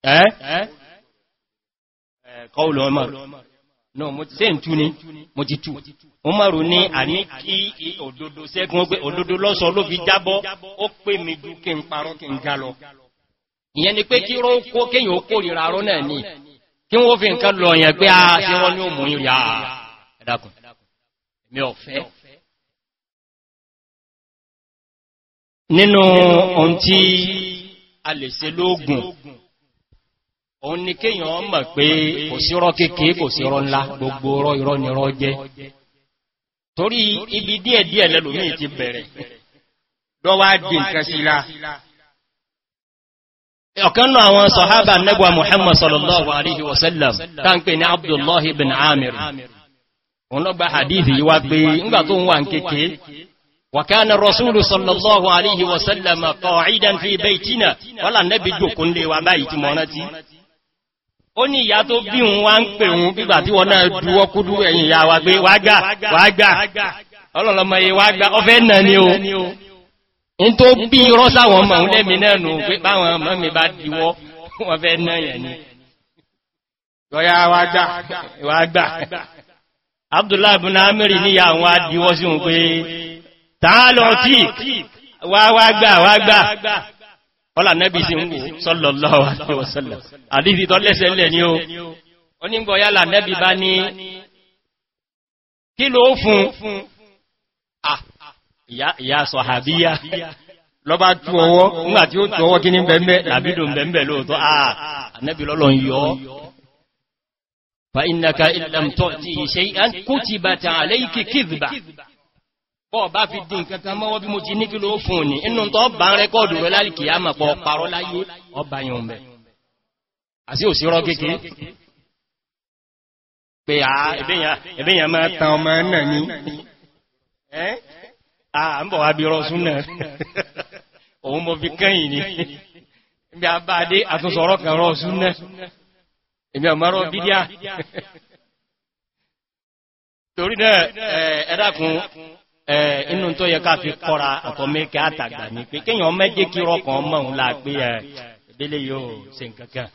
ẹ́ eh? eh, kọlù Umar náà No ti sẹ́ ń ni mo ti ní kí òdodo sẹ́gun pé lọ́sọ ló fi jábọ́ ó pè mí dú kí n parọ́ kí n ga lọ ìyẹn ni pé kí ró kó kéyìn ó kórìíra náà ni kí wọ́n fi nǹkan lọ yẹn pé a ah, ṣe wọ́n ní òmù òun ni kéèyàn mọ̀ pé kò sí rọ́ kéèkéé kò sí rọ́ ńlá gbogbo rọ́ irọ́ ni rọ́ jẹ́ torí ibi díẹ̀díẹ̀ lẹ́lòmíì ti bẹ̀rẹ̀ lọ́wọ́ di nǹkan sí la ọ̀kan náà àwọn sọ̀hábà nẹ́gbà muhammad sallallahu alaihi wasallam táǹpẹ̀ ní abdullahi bin amir òun lọ́gbà hadith yíwá pé wà ń kéèkéé وكان الرسول صلى الله عليه وسلم قاعدا في بيتنا ولا نبي جوكن لي وما ó ní ìyá tó bí òun wá ń pè òun bígbà tí wọ́n náà dúwọ́ kúdú ẹ̀yìn ìyá wa pé wágbà wágbà ọlọ́lọ́mọ yìí wágbà ọfẹ́ náà ni o in tó bí rọ́sáwọn ọmọ òun lẹ́mi náà nù pé báwọn ọmọ mi bá diwọ́ wọ́n fẹ́ náà yẹ̀ ni lọ́yá wágbà abdullahi ibn amiri ní ìyá àwọn adiwọ́ sí òun pé tààlọ́ tí wá wágbà wágbà kọ́lá nẹ́bí sí ń wò sọ́lọ̀lọ́ àwọ̀sọ́lọ̀ àdífi tọ́ lẹ́sẹ̀ lẹ̀ ní o ó ní gbọ́ yálà nẹ́bí bá ní kí ló fún ìyá sọ̀hàbíyá lọ́bá tú ọwọ́ nígbà tí ó tú ọwọ́ kí ní bẹ̀m̀bẹ̀ làbídò bẹ̀m̀bẹ̀ lóòtọ́ ànẹ́bí lọ́lọ́ bọ́ bá fi dín kankan mọ́wọ́ bí mo ti ní kí ló fún ní inú tó bá ń rẹ́kọ́ọ̀dù rẹ lálìkì á mọ̀ pọ̀ parọ́ láyé ọba yìí mẹ́ àti òsírọ́ kéèké pé ẹ̀bẹ̀yàn máa tan ọmọ náà ní ẹ́ à ń bọ̀ wá bí rọ́sún náà òun mo fi kẹ́yìn ní torí náà ẹ̀ẹ́dàkùn inú tó yẹ ká fi kọ́ra àtọ́mẹ́kẹ́ àtàgbà ní pé kíyàn méjì kí rọ́kàn mọ́un láà pé ẹ̀ délé yóò se nkankan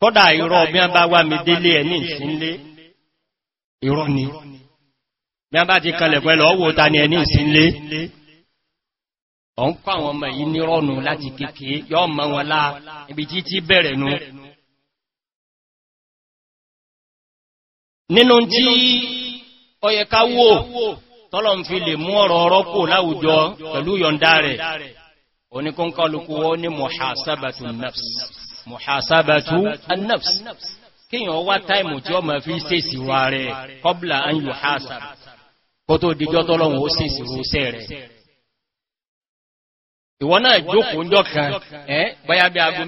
kọ́dà ìrọ̀ bí a bá wá mi délé ẹ̀ ní ìrọ̀ ni bí a bá ti kalẹ̀ pẹ̀lú ọwọ́ ta ni ẹ̀ ní ìsínlé ọ̀n kọ́ àwọn ọmọ yìí nírọ̀nù láti kéèkéé yọ́ mọ́ wọn láà ibi títí bẹ̀rẹ̀ nu nínú tí ọyẹ̀ká wò tọ́lọ̀ ń fi lè mú ọ̀rọ̀ ọ̀rọ̀ kò láwùjọ pẹ̀lú yọ̀ǹda rẹ̀ oníkọ́nkọ́lùkú wọ́n ní mọ̀hásábàtú annafs kíyàn wá táìmù tí ó mọ̀ fi sèsì wa rẹ̀ kọ́bùlà an yù hásà kó tó dìjọ́ tọ́lọ̀wọ̀n ó sèsì rúṣẹ́ rẹ̀ ìwọ náà jókòó ń jọ́kan ẹ́ báyá bí aago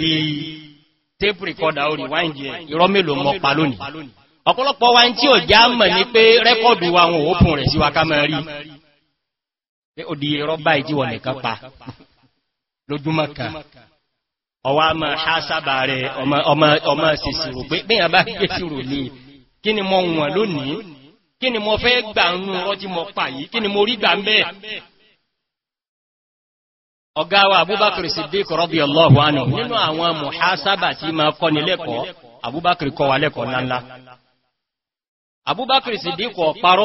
di tape recorder orí wáìndì ẹ̀ irọ́ mélòó mọ́ pa lónìí ọ̀pọ̀lọpọ̀ wa ń tí ò já mọ̀ ní pé rẹ́kọ̀dù wa wọn òópùn rẹ̀ sí wa ká mọ̀ rí pé ó di irọ́ báyìí tí wọ̀n nìkan pa lójúmọ́ kan ọwọ́ a máa há sábà rẹ̀ ọmọ ṣèṣirò pé bí yàn bá gbé ṣirò ní kí ni mo wọ̀n lónìí kí ni mo fẹ́ gbà ń rọ́ tí mo pa yìí kí ni mo rí gbà ń bẹ́ẹ̀ ọgá wa abúbákìrì siddiq radiyallahu anhu nínú àwọn muhasaba tí ma kọ́ ní lẹ́kọ̀ọ́ abúbákìrì kọ́ wa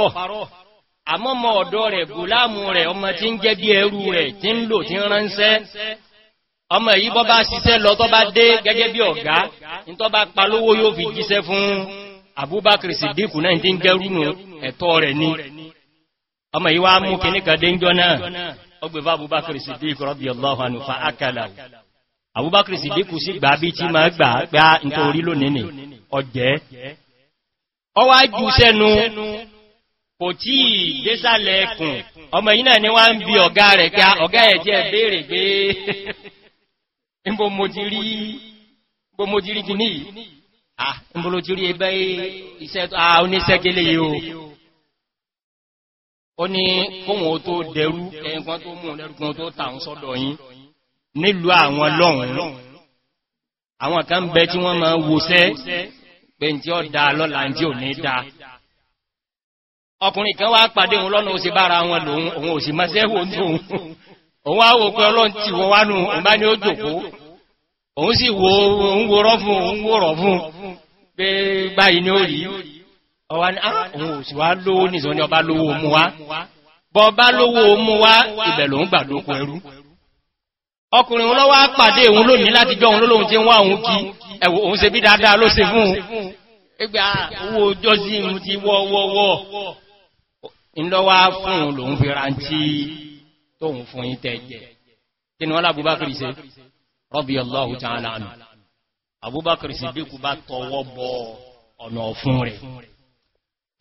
ọ̀parọ́ àmọ́mọ́ ọ̀dọ́ rẹ̀ gùlámù rẹ̀ ọmọ tí ń jẹ́ bí ẹrú rẹ̀ tí ń lò tí ń ránṣẹ́ ọmọ èyí bọ́ bá ṣiṣẹ́ lọ tọ́ bá dé gẹ́gẹ́ bí ọ̀gá ní tọ́ bá pa lówó yóò fi jíṣẹ́ fún náà tí ń jẹ́rú ọgbẹ̀fà abubakar siddiq radiyallahu anhu fa akala abubakar siddiq sí gbà bí tí ma gbà gbà nítorí lónìí ọjẹ́ ọwá jù sẹ́nu kò tí désàlẹ̀ ẹkùn ọmọ yìí náà ni wá ń bí ọ̀gá rẹ̀ ká ọ̀gá ẹ̀ jẹ́ béèrè pé níbo mo ah níbo lo iṣẹ́ oníṣẹ́gẹ́lẹ́ yìí ó ní kóhùn ó tó dẹrú ẹ̀yìnkan tó mú lẹ́rùkún tó tàun sọ́dọ̀ yìí nílùú àwọn lọ́hùn àwọn kan ń bẹ tí wọ́n máa wòṣẹ́ pé tí ó dáa lọ́la tí ò ní dáa ọkùnrin kan wá pàdé òun lọ́nà òsì bára wọn lòun òun òsì mọ́sẹ́ wò tóun òun á wò pé ọlọ́n tí wọ́n wá nù òun bá ní ó jòkó òun sì wo òun wo rọ́ fún òun ọwá ní àwọn òsì wá lówó ní ìsọ́ni ọba lówó mú wá bọ́ bá lówó mú wá ìbẹ̀ lòun gbà lóko ẹrú ọkùnrin wọn lọ́wọ́ pàdé òun lónìí láti jọ òun lólóhun tí ń wá òun kí ẹ̀wọ̀ òun se bí dáadáa ló se fún un ẹgbẹ́ ah, owó ọjọ́ sí ìmú ti wọ́wọ́wọ́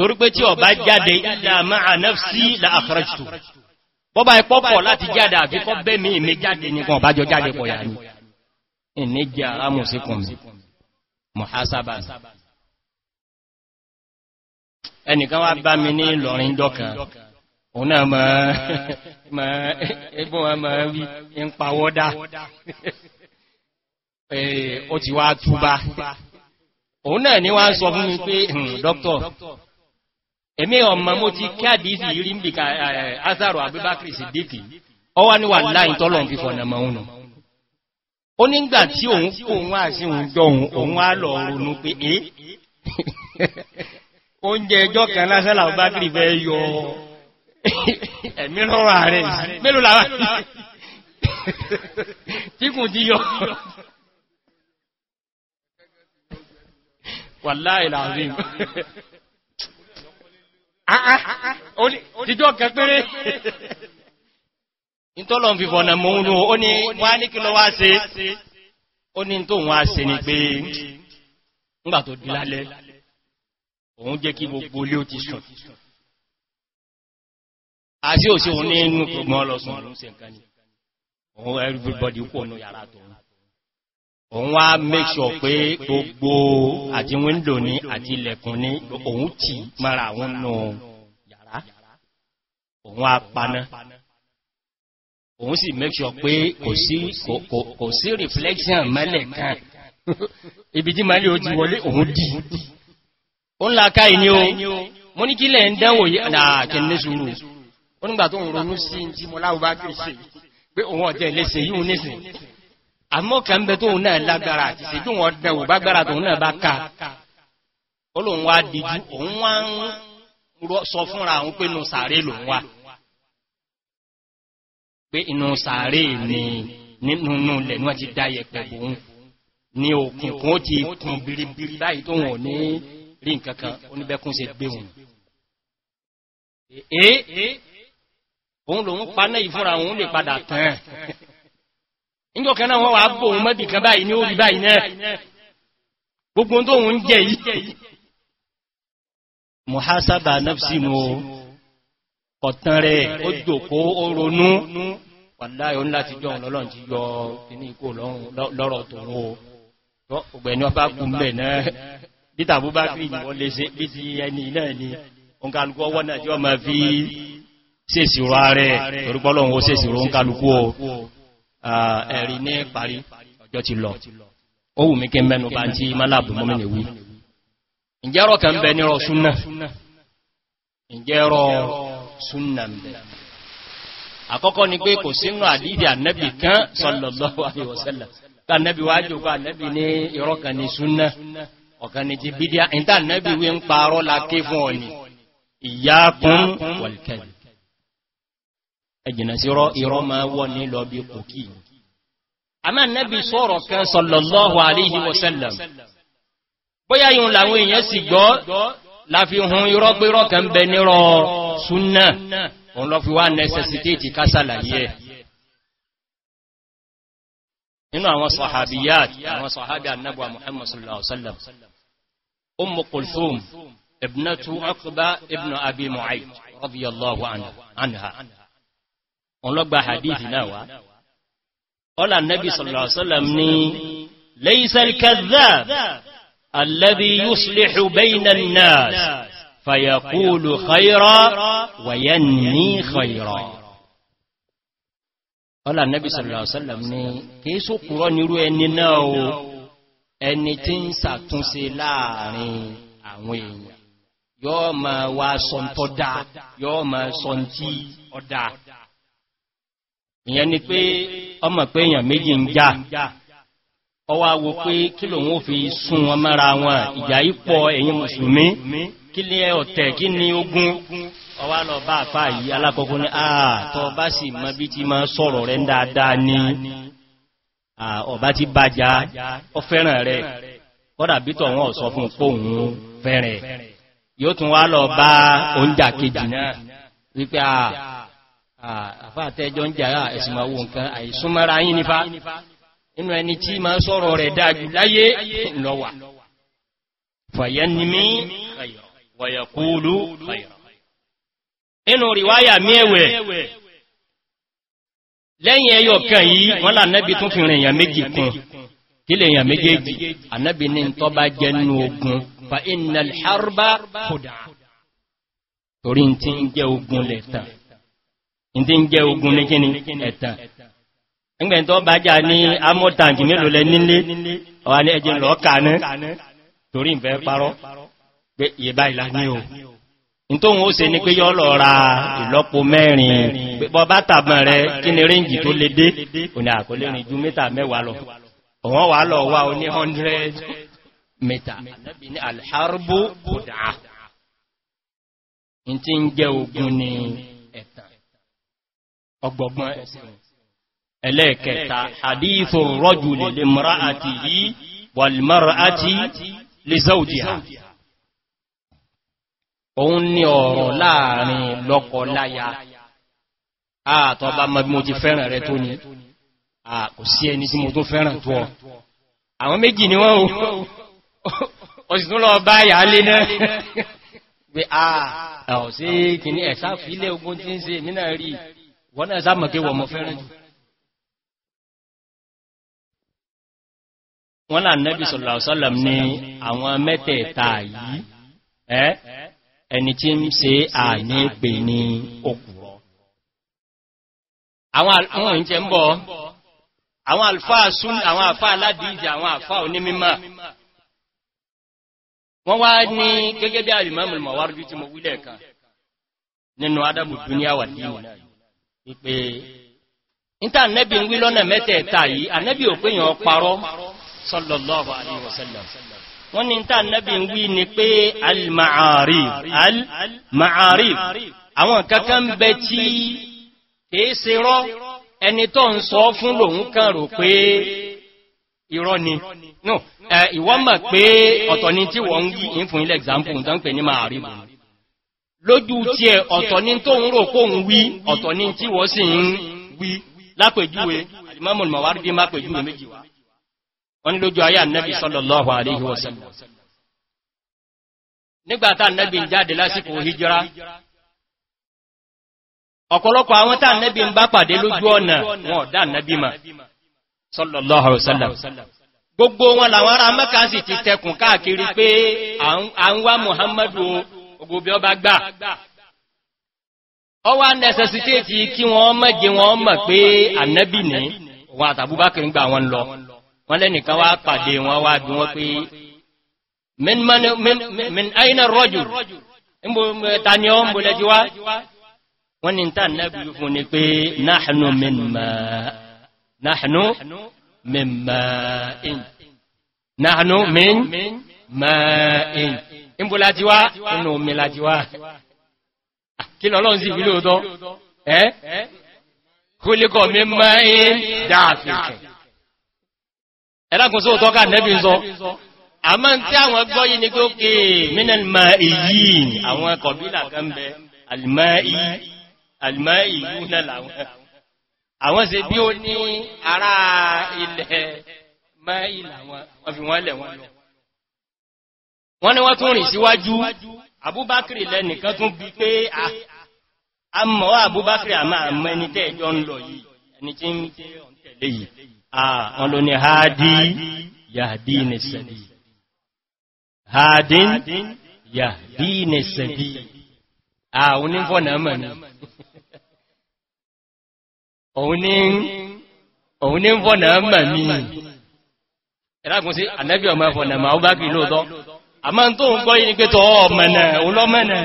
torí pé tí ọba jáde ìlà máa nafsi la àfẹ́rẹ́jù bọ́bá ẹ̀pọ́ pọ̀ láti jáde àfikọ́ bẹ́ mi ìmé jáde nìkan ọba jọ jáde pọ̀ yàní ìní jẹ́ arámù sí kùn mi mọ̀hásábà ẹnìkan wá bá mi ní lọ́rin dọ́kan òun náà mọ̀ ẹgbọ́n òun náà ni wá sọ fún mi pé hmm, dọ́kítọ̀ èmi ọmọ mo ti kí àdísì rí ń bí ká azaro abubakar siddiqi ọwá ní wà láì tọ́lọ̀ fi fọ̀nà mọ́únù ó nígbà tí òun kò òun wá sí òun jọ òun òun á lọ ronú pé é oúnjẹ ẹjọ́ kan lásán làbúbákìrì fẹ́ yọ ẹ̀mí lọ́rọ̀ ààrẹ mélòó làwà tí kùn ti yọ wà láì làrí Ìjọ́ kẹ péré. Ìtọ́lọ̀ fi fọ̀nà mọ̀ ó ní wá ní kí lọ wá Ó ní tó wọ́n á ni pé ńgbà tó dílálẹ́, òun jẹ́ kí gbogbo lé ó ti sùn. Àti òun ní inú kògbọ́n lọ sùn ni. òun wá make sure pé gbogbo àti wíńdò ní àti ilẹ̀kùn ní òun tí mara àwọn nù yàrá òun wá paná òun sì make sure pé kò sí reflection mẹ́lẹ̀ kan ibi tí mẹ́lẹ̀ ó ti wọlé òun dì ó ń láká ìní o mọ́ ní kílẹ̀ ń dánwò àkẹ́ ní sùúrù ó nígbà tó ń ronú sí ti mọ́láwọ́ bá kìí ṣe àmọ́ kà ń bẹ tóun náà lágbára àti sí tó wọ́n dẹ̀wò bá gbára tóun náà bá ká olóhun wá dìjú òun wá ń sọ fúnra àwọn pé nù sàárè lòun wá pé inú sàárè ni nínú ilẹ̀ ní wọ́n ti dá yẹ̀pẹ̀ bòun ní òkun kún ó ti kún biribiri báyìí tó wọ́n ní rí nǹkan kan oníbẹ̀kún gbé wọn òun lòun paná ìfúnra òun lè padà tán níjọ́ kan náà wọ́n wà bò ń mọ́bì kan báyìí ní orí báyìí náà gbogbo tó ń jẹ yìí mọ̀hásábà nafsi mo ọ̀tán rẹ̀ ó jòkó ó ronú wàláyọ̀ láti jọ lọ́lọ́n ti yọ inú ikú lọ́rọ̀ tòun o ọgbẹ̀ni ọba kú mẹ́ náà bíta bú bá fi ìwọ̀n lè ṣe bí ti ẹni náà ni òǹkàlùkù ọwọ́ náà tí wọ́n fi ṣèṣìrò ààrẹ torípọ́lọ́hun Ah, ẹ̀rí ní parí ọjọ́ ti lọ ó wù mí kí mẹ́nu bá tí málàbù mọ́mìnì wí ìjẹ́rọ kan bẹ nírọ súnnà ìjẹ́rọ súnnà bẹ àkọ́kọ́ ni pé kò sínú àdídì ànẹ́bì kan sọlọ̀lọ́wọ́ àríwọ̀sẹ́lẹ̀ ànẹ́bì wá jù pa ànẹ́bì ní ìrọ́ kan ní ẹjìnà sí irọ́ ma wọ́ ní lọ bí kòkí àmá nẹ́bí sọ́rọ̀ kan sọ̀lọ̀lọ́wà àríhì wọ́sẹ̀lẹ̀m bóyá yíò làwọn èèyàn sì gbọ́ láfihàn irọ́ pé irọ́ kan bẹ nírọ̀ súnà òun lọ fi wá nẹ́sẹsìtéètì kásàlàyé nínú àwọn sọ̀hábíyàt àwọn sọ̀hábí annabuwa muhammad sallallahu عنها wasallam ọlọ́gba hadith náà wá ọlá nẹ́bí sọ̀lọ̀sọ́lọ̀m ní lẹ́ìsẹ̀lkẹ́dẹ́b alẹ́bí yúsùlẹ̀hù bẹ́yìnan náà fàyàkúlù khayra wàyẹn ní khayra ọlá nẹ́bí sọ̀lọ̀sọ́lọ̀m ní kìí sókùrọ́ nírú ẹni náà o ẹni tí ń sàtúnṣe láàrin àwọn èèyàn yọ́ ma wá sọ́ntọ́dá yọ́ ma sọ́ntí ọ̀dá ìyẹn ni pé ọmọ pé èèyàn méjì ń já ọwá wo pé kí lòun ó fi sún wọn mọ́ra wọn ìjà ipọ̀ èyí mùsùlùmí kí lé ọ̀tẹ̀ kí ni ogun ọwá lọ bá àfá yìí alákọ̀ọ́kọ́ ní ààtọ́ bá sì mọ́ bí ti máa sọ̀rọ̀ rẹ̀ dáadáa ní àfáàtẹ́jọ ń jàrá ẹ̀sìnmàwò nǹkan àìsúnmọ́ra yí nífà inú ẹni tí ma sọ́rọ̀ rẹ̀ dájú láyé lọ́wà fàyẹ́nimí wàyàkúlù inú ríwáyà mẹ́wẹ̀ lẹ́yìn ẹyọ kan yìí wọ́n lànẹ́bí tún fi rìnyàn méjì kún kí lè yàn méjèèjì ànẹ́bí ní tọ́ bá jẹnu ogun fa inal harba kódà torí ti ń jẹ ogun lẹ́tàn ìdí ń ogun ní kíni ẹ̀tàn ẹgbẹ̀ntọ́ bá ní amótàǹkì mélòó lẹ nílé ọwà ní ẹjẹ́ lọ́ọ̀kà ní torí ìfẹ́ parọ́ pé ìyẹ̀bá ìlà ní o ní ó se ní lọ ra ìlọ́po mẹ́rin pípọ́ bá tàbọn rẹ kí ni tó lè dé àkọlé rìn ju mítà mẹ́wàá lọ ọ̀wọ́n wà lọ wá ní 100 mítà ọgbọ̀gbọ̀n ẹlẹ́ẹ̀kẹta hadithun rọ́jùlì lè mara àti yí wàlmara àti lè zaújíà òun ni ọ̀rọ̀ láàrin lọ́kọ̀ láya àtọ́bá mọ́bí mo ti fẹ́ràn rẹ tó ní kò sí ẹni tí mo tó lọ bá yàálé náà pé àà ọ̀sí kìíní ẹ̀sáfilé ogun tí ń se mínà rí wọ́n náà sáàmù kí wọ́n mọ̀ fẹ́ràn jù wọ́n là nẹ́bí sọ̀lọ̀sọ́lọ̀m ní àwọn mẹ́tẹ̀ẹ̀ta yìí ẹ́ ẹni tí ń se àní pè ní okùrọ̀ àwọn ohun ìjẹ́ ń bọ̀ àwọn alfáà sún àwọn àfáà aládìíjì àwọn àfáà onímímà wọ́n wá ní gẹ́gẹ́ bí alìmọ́mùlùmọ̀ wárújú tí mo wílẹ̀ kan nínú adábùdúníàwà dìí ìpè níta nẹ́bí ń wí lọ́nà mẹ́tẹ̀ẹ̀ta yìí ànẹ́bí ò pé yàn parọ́ sallallahu alaihi wasallam wọ́n ni níta nẹ́bí ń wí ni pé al-ma'arif al-ma'arif àwọn kankan bẹ tí kìí ṣe rọ́ ẹni tó ń sọ fún lòun kan rò pé irọ́ ni no ìwọ́n mọ̀ pé ọ̀tọ̀ ni tí wọ́n ń wí ìfún ilẹ̀ example tán pè ní ma'arif lójú tí ẹ ọ̀tọ̀ ní tó ń rò kóhun wí ọ̀tọ̀ ní tí wọ́n sì ń wí lápèjúwe alimamu mawaridi má pèjúwe méjì wá wọ́n ni lójú sallallahu alaihi wasallam nígbàtà annabi ń jáde lásìkò hijira ọ̀pọ̀lọpọ̀ àwọn tá annabi ń bá pàdé lójú ọ̀nà ma sallallahu alaihi wasallam gbogbo wọn làwọn ará mẹ́ka sì ti tẹkùn káàkiri pé à ń wá muhammadu gbogbo bí ọba gbà ọ wá nẹ́sẹsìtéètì kí wọ́n mẹ́jẹ wọ́n mọ̀ pé ànẹ́bì ní wọn àtàbúbákìrí gbà wọn lọ wọ́n lẹ́nìkan wá pàdé wọn wá bí wọ́n pé min aina rọ́jù ta ni ọ ń bolẹ̀ jí wá wọ́n min ma'in níbo láti wá inú omi láti wá kí lọ́lọ́n sí ìwílò tọ́ ẹ́ kúlíkọ̀ mi mọ́ in dáàfíkẹ̀ ẹlákùn sóòtọ́ ká nẹ́bí sọ àmá tí àwọn gbọ́ yìí ní kó kè mínal ma èyí àwọn kọ̀bílà kan bẹ àwọn ṣe bí ó ní ará ilẹ̀ máì làwọn wọ́n fi wọ́n lẹ̀ wọ́n lọ wọ́n ní wọ́n tún rìn síwájú abúbákìrì lẹ́nìkan tún bí pé a mọ̀ abúbákìrì àmà àmọ́ ẹni tẹ́ ẹjọ́ ń lọ yìí ẹni tí ń tẹ̀lé yìí àwọn ló ní haadi yàdí ní sẹ̀bí haadin yàdí ní sẹ̀bí àwọn onífọ́nà mọ̀ ní òun ní fọ́nà mọ̀ ní ẹlákùn sí ànẹ́bí ọmọ ẹfọ̀nà mọ̀ abúbákìrì lóòtọ́ àmá tó ń gbọ́ yìí ni pé tọ́ ọmọ̀nà olọ́mọ̀nà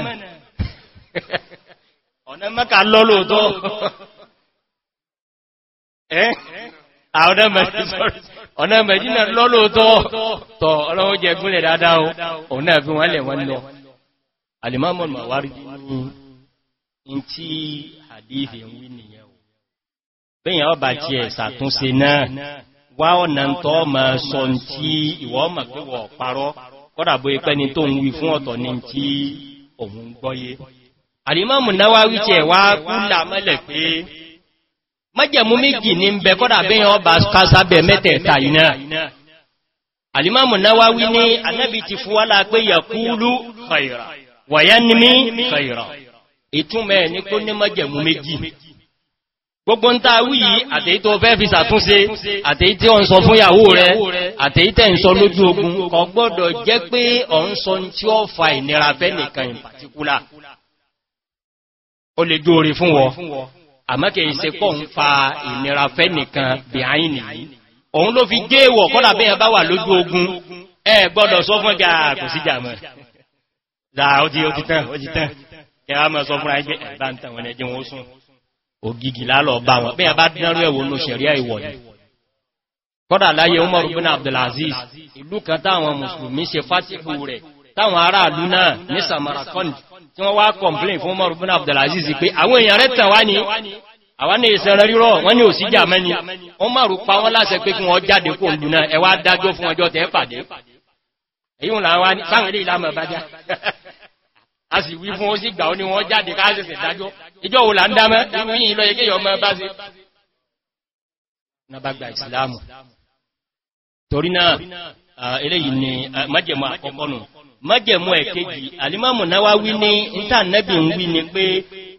ọ̀nà mẹ́ka lọ́lọ́tọ́ ẹ́ ọ̀nà mẹ́jìnà lọ́lọ́tọ́ tọ́ ọlọ́wọ́ jẹ gúnlẹ̀ dáadáa òun náà fi wọ́n lẹ̀ wọ́n lọ alìmọ́mọ̀ mọ̀wárí ní tí àdíhì ń wí nìyẹn bẹ́yàn ọba ti ẹ̀ sàtúnṣe náà wá kọ́dàbó ipẹ́ ni tó ń wí fún ọ̀tọ̀ ní tí òun gbọ́yé àrímọ́mù náwà wíkẹ̀ wá kúlà mẹ́lẹ̀ pé mẹ́jẹ̀mú méjì ní ń bẹ kọ́dàbẹ́yàn ọba kásábẹ̀ mẹ́tẹ̀ẹ̀ta iná àrímọ́mù náwà wí ní anẹ́bí ti fún wálá gbogbo ń taa wí yìí àtèyí tó fẹ́ fi sàtúnṣe àtèyí tí ó ń sọ fún ìyàwó rẹ àtèyí tẹ́ ń sọ lójú ogun kọ gbọ́dọ̀ jẹ́ pé ọ ń sọ tí ó fa ìnira fẹ́ nìkan in particular ó lè jú orí fún wọ àmọ́kẹ̀ ìṣe pọ̀ ń fa ìnira fẹ́ nìkan behind nìyí òun ló fi gé ìwọ̀ kọ́lá bí ẹ bá wà lójú ogun ẹ gbọ́dọ̀ sọ fún ẹgbẹ́ ah, kò sí jàmọ́ dáa ó ó ti ògìgì lálọ̀ bá wọn bẹ́ẹ̀ bá dánrú ẹ̀wọ̀ ní ṣẹ̀rí ìwọ̀ yìí kọ́dà láyé umar bin abdulaziz ìlú kan táwọn musulmi se fásitì rẹ̀ táwọn aráàlú náà ní samarkand tí wọ́n wá kọ̀mplín fún umar bin abdulaziz pé àwọn èèyàn rẹ̀ tàn wá ní àwọn ní ìsẹ̀rẹ̀ rírọ̀ wọ́n ní òsíjà mẹ́ni umar pa wọ́n láṣẹ pé kí wọ́n jáde kó lù náà ẹwà dájọ́ fún ọjọ́ tẹ́ pàdé sáwọn ilé ìlàmọ̀ bájá a sì wí fún ó sì gbà ó ní wọ́n jáde káàṣẹ̀ṣẹ̀ ìjọ wò là ń dámẹ́ ìpín ìlọ yẹ kéèyàn máa bá sí na bá gba ìsìláàmù torí náà eléyìí ni májẹ̀mú àkọ́kọ́ nù májẹ̀mú ẹ̀kejì alimamu náwá wí ní níta nẹ́bì ń wí ni pé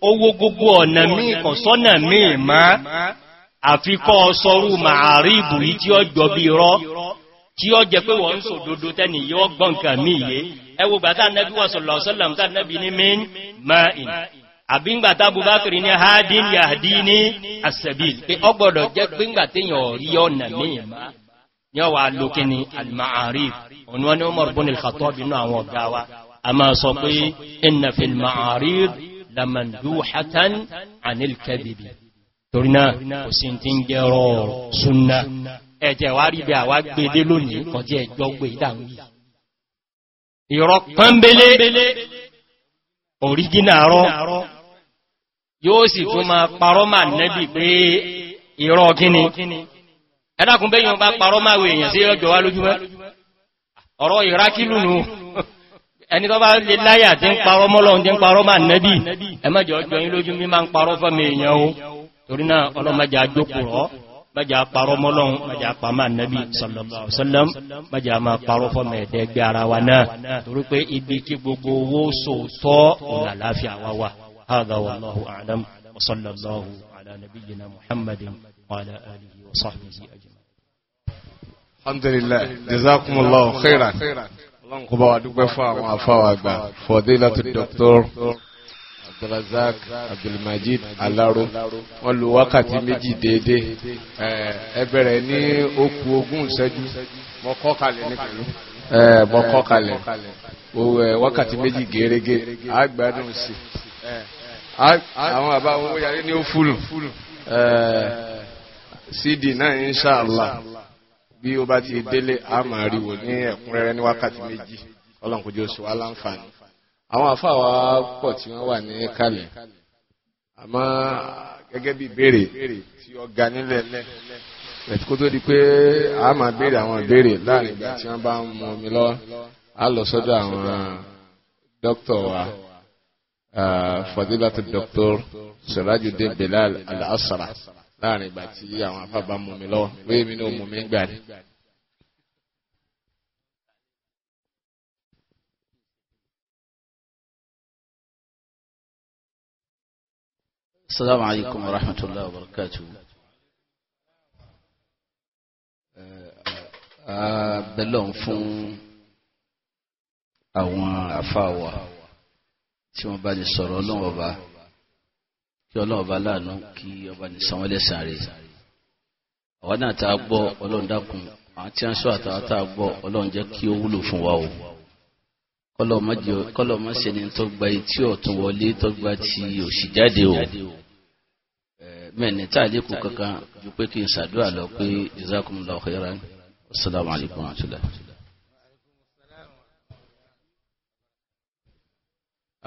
owó gbogbo ọ̀nà míì kọ̀ sọ́nà míì má àfikọ́ sọrú màárí ìbù yìí tí ó jọ bí rọ́ tí ó jẹ pé wọ́n ń sòdodo tẹ́ni yóò gbọ́nkà míì yé ẹwọ gbàtà nẹ́bí wọ́n sọ̀lọ̀ sọ́lọ̀ àbíngbà tábùbákìrì ní hádín yàdí ní àṣẹ̀bìl pé ọgbọ̀dọ̀ jẹ́ píngbà tíyàn rí ọ̀nà mìírànmá ní ọwà lókè ní al-ma'arif ọ̀nà ní umar bin al-khattab inú àwọn ọ̀gá wa a máa sọ pé inna fil ma'arif lamanduhatan anil kadibi torí náà kò sí ti ẹ̀jẹ̀ wá rí bí àwá gbédé lónìí kọjẹ́ ẹjọ́ gbé ìdáhùn ìrọ̀ pọ́nbélé orígínà rọ́ yóò sì tún ma parọ́mà nẹ́bì pé ìrọ̀ kíni ẹ̀dàkùn bẹ́yìn ọba parọ́mà wè èèyàn sí ọjọ́ wá lójúmọ́ ọ̀rọ̀ ìrákìlù nù ẹni tó bá lè láyà tí ń parọ́mọ́ lọ́n tí ń parọ́mà nẹ́bì ẹmẹ́jọ ọjọ́ yín lójú mímá ń parọ́ fọ́mọ èèyàn o torí náà ọlọ́mọjà jókòrọ́ mẹ́jà parọ́mọ́ lọ́n mẹ́jà pàmà nẹ́bì sọ̀lọ́m mẹ́jà máa parọ́ fọ́mọ ẹ̀dẹ́gbẹ́ ara wa náà torí pé ibi kí gbogbo owó sòótọ́ òun wá wà هذا والله أعلم وصلى الله على نبينا محمد وعلى آله وصحبه أجمعين الحمد لله جزاكم الله خيرا ọlọ́run kó bá wa dúpẹ́ fún àwọn afáwà àgbà fọ̀dílátù dr abdulrazak abdulmajid alaro wọ́n lu wákàtí méjì déédéé ẹ bẹ̀rẹ̀ ní okùn ogún ìṣẹ́jú mo kọ kalẹ̀ ní pẹ̀lú mo kọ kalẹ̀ wákàtí méjì gẹ́gẹ́ àgbàdo sí àwọn bàbá owó yarí ní ó fúlù cd náà inshallah. bí ó bá ti délé a máa rí wò ní ẹ̀kúnrẹ́rẹ́ ní wákàtí méjì ọlọ́run kò jẹ́ oṣù wa láǹfààní àwọn àfáàwà pọ̀ tí wọ́n wà ní kalẹ̀ àmọ́ gẹ́gẹ́ bí ìbéèrè tí ó ga nílẹ̀ lẹ́tí kó tó di pé a máa béèrè àwọn ìbéèrè láàrin ìgbà tí wọ́n bá ń mu omi lọ́wọ́ a lọ sọ́dọ̀ àwọn dókítà wa. آه، فضيلة الدكتور سراج الدين بلال الأسرة لا نباتي يا ما فبا مملو ويمنو ممين قال السلام عليكم ورحمة الله وبركاته آه، آه، بلون فون أو أفاوه tí wọ́n bá ní sọ̀rọ̀ ọlọ́run ọba kí ọlọ́run ọba láàánú kí ọba ní sanwó lẹ́sàn rẹ̀ àwa náà tá a gbọ́ ọlọ́run dákun àwọn tí a ń sọ àtàwọn tá a gbọ́ ọlọ́run jẹ́ kí ó wúlò fún wa o kọ́lọ̀ má ṣe ni tó etí ọ̀tún wọlé tó ti òsì jáde o mẹ́ni tá a lékun kankan ju pé kí n ṣàdúrà lọ pé jazakumullahu khairan assalamu alaikum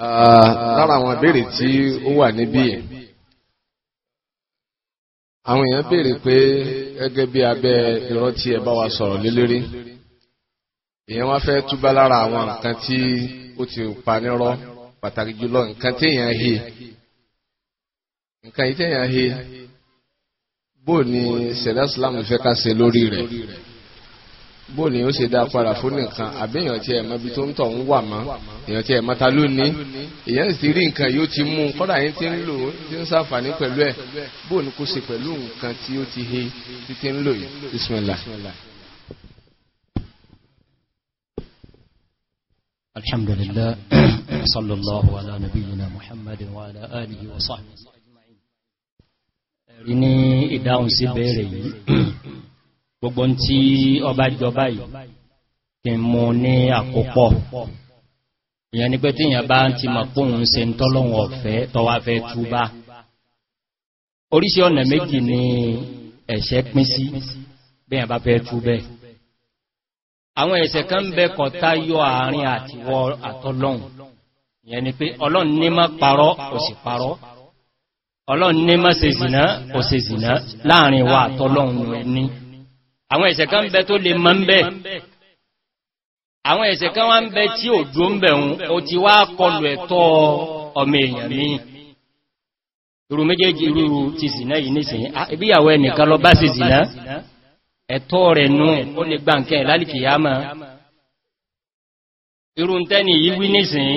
Ah, lára àwọn béèrè tí ó wà níbí yẹn àwọn èèyàn béèrè pé gẹ́gẹ́ bí abẹ́ ìrántí ẹ bá wa sọ̀rọ̀ lélẹ́rí èèyàn wá fẹ́ túbá lára àwọn nǹkan tí ó ti pa nírọ́ pàtàkì jùlọ nǹkan téèyàn he nǹkan yìí téèyàn he bó ni sẹ̀dá islam fẹ́ ká ṣe lórí rẹ̀ bó ni ó ṣe dá padà fún nìkan àbí èèyàn tí ẹ̀ mọ ibi tó ń tọ̀ ń wà mọ́ èèyàn tí ẹ̀ mọ́ta ló ní èèyàn sì rí nǹkan yóò ti mú un kọ́dà yín ti ń lò ó ti ń ṣàǹfààní pẹ̀lú ẹ̀ bó ni kò ṣe pẹ̀lú nǹkan tí ó ti he tí ti ń lò yìí bisimilá. alhamdulilah sallallahu ala nabiyina muhammad wa ala alihi wa sahbihi. ẹ̀rí ní ìdáhùn sí bẹ́ẹ̀rẹ̀ yìí. gbogbo ń tí ọba jọba yìí kí mú ní àkópọ̀ ìyẹn ni pé tíyàn bá ti mọ̀ kóhun se ń tọ́lọ́wọ̀n ọ̀fẹ́ tọwa fẹ́ túbá oríṣi ọ̀nà méjì ni ẹ̀ṣẹ́ pín sí bíyàn bá fẹ́ túbẹ̀ àwọn ẹ̀ṣẹ̀ kan bẹ kọ̀tá yọ àárín àtiwọ àtọ́lọ́hun ìyẹn ni pé ọlọ́run ní má parọ́ kò sì parọ́ ọlọ́run ní má se zìnà kò se zìnà láàrin wa àtọ́lọ́hun ẹni àwọn ẹ̀sẹ̀ kan bẹ tó lè mọ́ ń bẹ́ àwọn ẹ̀sẹ̀ kan wá ń bẹ tí ò dó ń bẹ̀hún o ti wá kọlù ẹ̀tọ́ ọmọ èèyàn míì irú méjèèjì irú ti zìnà yìí nísìnyí ah, ìbíyàwó ẹnìkan lọ bá sì zìnà ẹ̀tọ́ rẹ̀ nú ó lè gbà nkẹ́ lálìkìyàmọ́ irú tẹ́ni yìí wí nísìnyí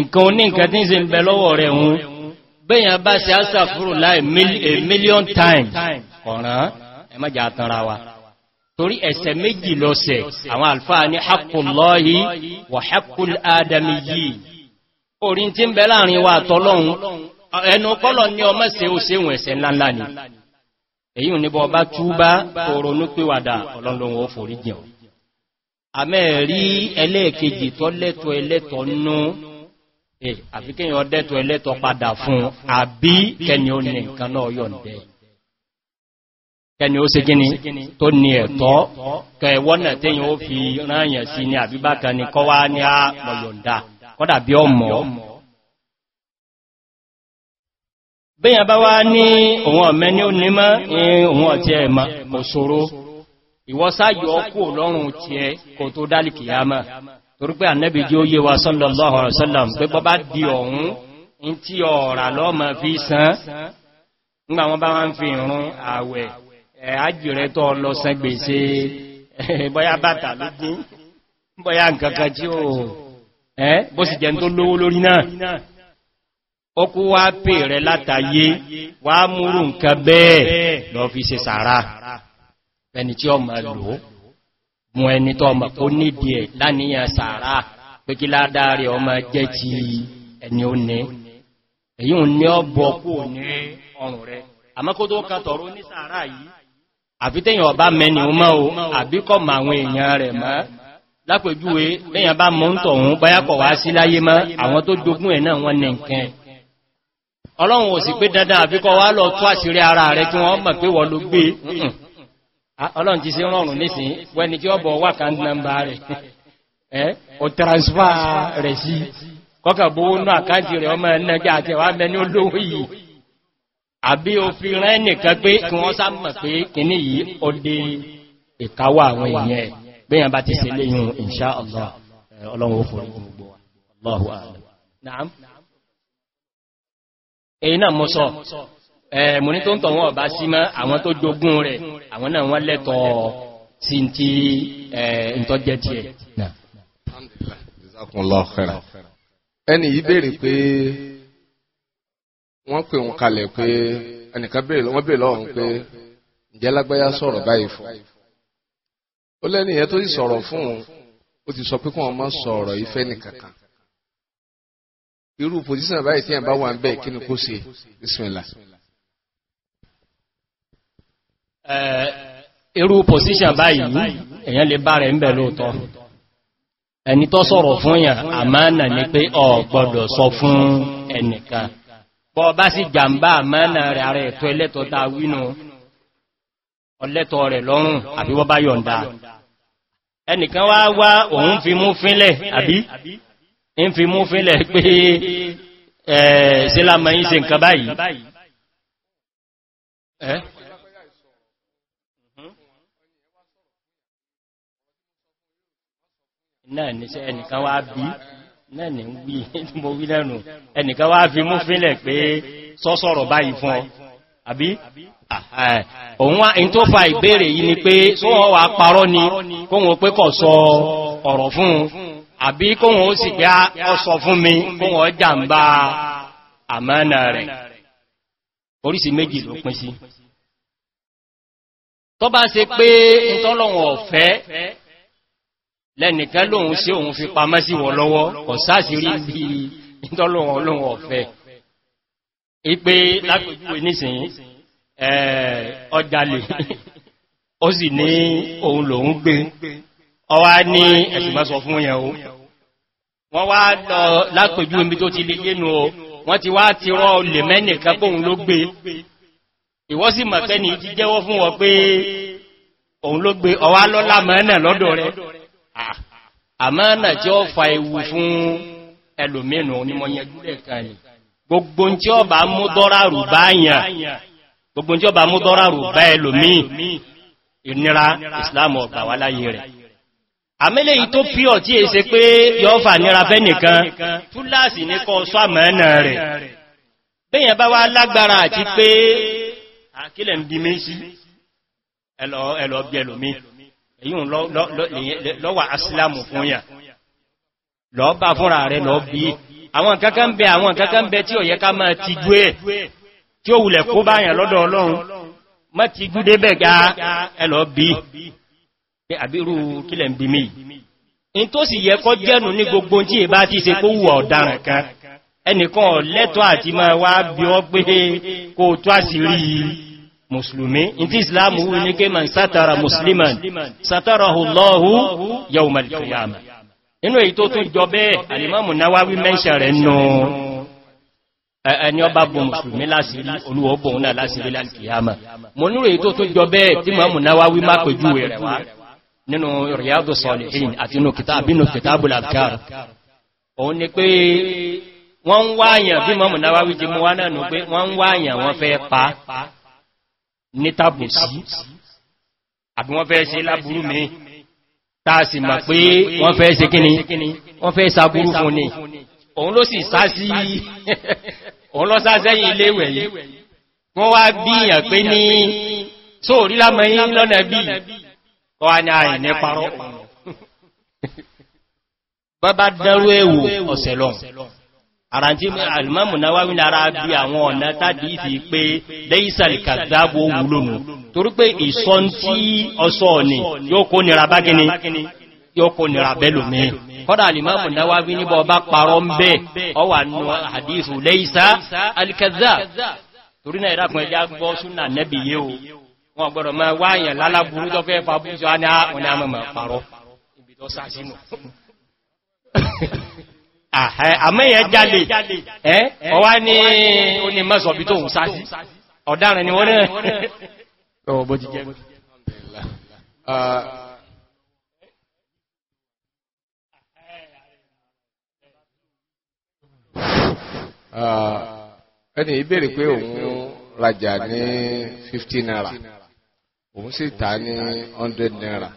nǹkan oní tí ń se ń bẹ lọ́wọ́ rẹ̀ hun bẹ́yàn bá se ásàfúrò láì mílíọ̀n time kọ̀ràn ẹmọ́jà tanra wa torí ẹ̀sẹ̀ méjì lọ́sẹ̀ àwọn alfáà ní haqqùlọ́hí wà haqqùl adami yìí orí tí ń bẹ láàrin wa tọ́lọ́hun ẹnu kọ́lọ̀ ní ọmọ ṣe ó ṣe ìwọ̀n ẹ̀sẹ̀ ńláńlá ni èyí ní bọ́ bá túbá tòrò ní pèwàdà ọlọ́lọ́wọ́ forí ẹni ó se gíní tó ní ẹ̀tọ́ kẹwọ́nà tí yíó fi rányẹ̀ sí ní n'i ní kọwa ní a mọ̀yọ̀ndà kọ́dà bí ọmọ bíyàn bá wá ní òun ọ̀mẹ́ ní ó nímọ́ ọ̀tí ẹ̀mọ́ òṣòro ìwọ́sáyọ̀ ọkù lọ́rùn ti ẹ kò tó dálìkì ànẹ́bì jí ó yé wa sọ́lọ̀lọ́ ajìrẹ tó lọ sẹgbèsè bọ́yá bàtà ló gún bọ́yá nkankan tí ó ẹ́ bó sì jẹ́ tó lówó lórí náà ó kú wá pè rẹ látàyé wá múrù nkan bẹ́ẹ̀ lọ fi se sàárà ẹni tí ma lò mú ẹni tó ọmọ kó nídìí ẹ̀ láníyàn sàárà pé kí ọmọ jẹ́ ti ẹni ó ní èyí ò ní kú ní ọrùn àfitẹ́yìn ọba mẹ́ni ọmọ o àbíkọ̀ ma àwọn èèyàn rẹ̀ mọ́ lápẹjúwe lẹ́yìn bá mọ́ ń tọ̀hún báyàkọ̀ wá sí láyé mọ́ àwọn tó jogún ẹ̀ náà wọ́n nìkan ọlọ́run ò sì pé dandan àbíkọ̀ wá lọ tó àṣírí ara rẹ̀ kí wọ́n mọ̀ pé wọ́n ló gbé ọlọ́run ti o transfer rẹ̀ sí kọ́kà bówó náà káàkiri ọmọ ẹ̀nà jẹ́ àtẹ̀wà àbí òfin rẹ̀ nìkan pé kí wọ́n sá mọ̀ pé kìíní yìí ó dé ìkáwà àwọn èèyàn ẹ̀ bẹ́yàn bá ti ṣe léyìn ìṣá ọlọ́run ó fòrí gbogbo Allahu a'lam èyí náà mọ́ sọ mo ní tó ń tọ̀ wọ́n ọ̀bá sí mọ́ àwọn wọ́n pè òun kalẹ̀ pé ẹnìkan béèrè wọ́n béèrè lọ́rùn pé ǹjẹ́ lágbáyà sọ̀rọ̀ báyìí fún un ó lẹ́nu ìyẹn tó sì sọ̀rọ̀ fún un ó ti sọ pé kí wọ́n má sọ̀rọ̀ ìfẹ́ nìkankan irú pòsíṣàn báyìí tí ẹ̀ bá wà ń bẹ́ẹ̀ kí ni kó ṣe bisimilá. irú pòsíṣàn báyìí èèyàn lè bá rẹ̀ ń bẹ̀ lóòótọ́ ẹni tó sọ̀rọ̀ fún yàn àmánà ni pé ọ̀ gbọ́dọ̀ sọ fún ẹnìkan bọ́ bá sì jàmbá mẹ́nà rẹ̀ ààrẹ ẹ̀tọ́ ẹlẹ́tọ́ ta wínú ọlẹ́tọ́ rẹ̀ lọ́rùn àbí wọ́n bá yọ̀nda ẹnìkan wá wá òun fi mú fínlẹ̀ àbí ń fi mú fínlẹ̀ pé sílámọ̀ yí se nǹkan báyìí mẹ́ni ń wí tí mo wí lẹ́nu ẹnìkan wá fi mú fílẹ̀ pé sọ́sọ̀rọ̀ báyìí fún ọ àbí òun wá in tó fa ìbéèrè yìí ni pé sọ́wọ́ wà parọ́ ni kóhun pé kọ̀ sọ ọ̀rọ̀ fún àbí kóhun ó sì pé ọsọ fún mi kóhun jàmbá àmánà rẹ̀ orísìí méjì ló pín sí tó bá se pé ìtọ́lọ̀wọ̀n ọ̀fẹ́ lẹ́nìkan lóhun sí òun fi pamọ́ sí wọ lọ́wọ́ kọ̀ sáàsì rí bí ìtọ́lọ́wọ́ olóhun ọ̀fẹ́ ipé lápẹ̀júwé nísìn ọjàlè ó sì ní òun lòun gbé ọwá ní ẹ̀sìnmọ́sọ fún yẹn o wọ́n wá lọ lápẹ̀júwé mi tó ti lè yénu o wọ́n ti wá ti rọ olè mẹ́nìkan póhun ló gbé ìwọ́ sì mọ̀kẹ́ni jíjẹ́wọ́ fún wọ pé òun ló gbé ọwá lọ́lá mọ́ lọ́dọ̀ rẹ̀ àmánà tí ó fa ewu fún ẹlòmínú onímọ̀yẹjúlẹ̀ kan yìí gbogbo tí ó bá mú dọ́rà rù bá yàn gbogbo tí ó bá mú dọ́rà rù bá ẹlòmí ìnira islam ọ̀gbà wà láyé rẹ̀ àmìlẹ̀ yìí tó pí ọ̀tí èsẹ pé yọ́ fà nira fẹ́ nìkan túláàsì ní kọ́ sọ àmọ́ẹ̀nà rẹ̀ bẹ́yàn bá wá lágbára àti pé àkílẹ̀ ń bí mé ẹlọ́bí ẹlòmí èyí lọ́wà asìlámù fún yà lọ bá fúnra rẹ̀ lọ bí àwọn kankan bẹ àwọn kankan bẹ tí ó yẹ ká máa ti jú ẹ̀ tí ó wulẹ̀ kó báyàn lọ́dọ̀ ọlọ́run má ti jú débẹ̀ ga ẹlọ bí pé àbírú kílẹ̀ ń bí mi in tó sì yẹ kọ́ jẹ́nu ní gbogbo tí è bá ti se kó wù ọ̀daràn kan ẹnìkan lẹ́tọ́ àti máa wá bí ọ pé kó tó àṣírí musulmi in ti islamu wù ní kí man sátara musulman sátara hulọ́hu yau malkiyama inú èyí tó tún jọ bẹ́ẹ̀ alimamu nawawi mẹ́ṣẹ̀ rẹ̀ nù ẹni ọba bọ̀ musulmi lásìrí olúwọ́bọ̀ náà lásìrí alkiyama mo nírò èyí tó tún jọ bẹ́ẹ̀ tí mamu nawawi má pẹ̀jú rẹ̀ wá nínú riyadu sọlihin àti inú kìtàbínú nítàbòsí àbí wọ́n fẹ́ ṣe láburú mi táà sì mọ̀ pé wọ́n fẹ́ ṣe kíni wọ́n fẹ́ sàbúrú fún ni òun ló sì sá sí òun lọ sá sẹ́yìn iléwẹ̀ yìí wọ́n wá bí ìyàn pé ní tó rí lámọ́ yí lọ́nà bí ọwá ní ààrẹ ní parọ́ bọ́bá dánrú ẹ̀wò ọ̀sẹ̀ àrántí alìmọ́mù náwáwí lára bí àwọn ọ̀nà tàbí ìfì pé lẹ́ìsàlì kàzábò wúlòmù torí pé ìsọ́n tí ọsọ́ ọ̀nì yóò kó nira bá gíní yóò kó nira bẹ́lòmí kọ́dà alìmọ́mù náwáwí níbọ̀ bá parọ́ ń bẹ́ ọwà nù àdífù lẹ́ìsà alìkàzá torí náà ìdákùn ẹjá gbọ́ súnà nẹ́bì yé o wọn gbọ́dọ̀ máa wáyàn lálábùrú tó àmẹ́yẹn jáde ẹ́ ọwá ní oní mọ́sọ̀bí tó ń sáájú ọ̀dárin ni wọ́n rẹ̀ ọwọ́ bó jíjẹ́ ẹni ìbéèrè pé òun rajà ní 15 naira òun sì tà ní 100 naira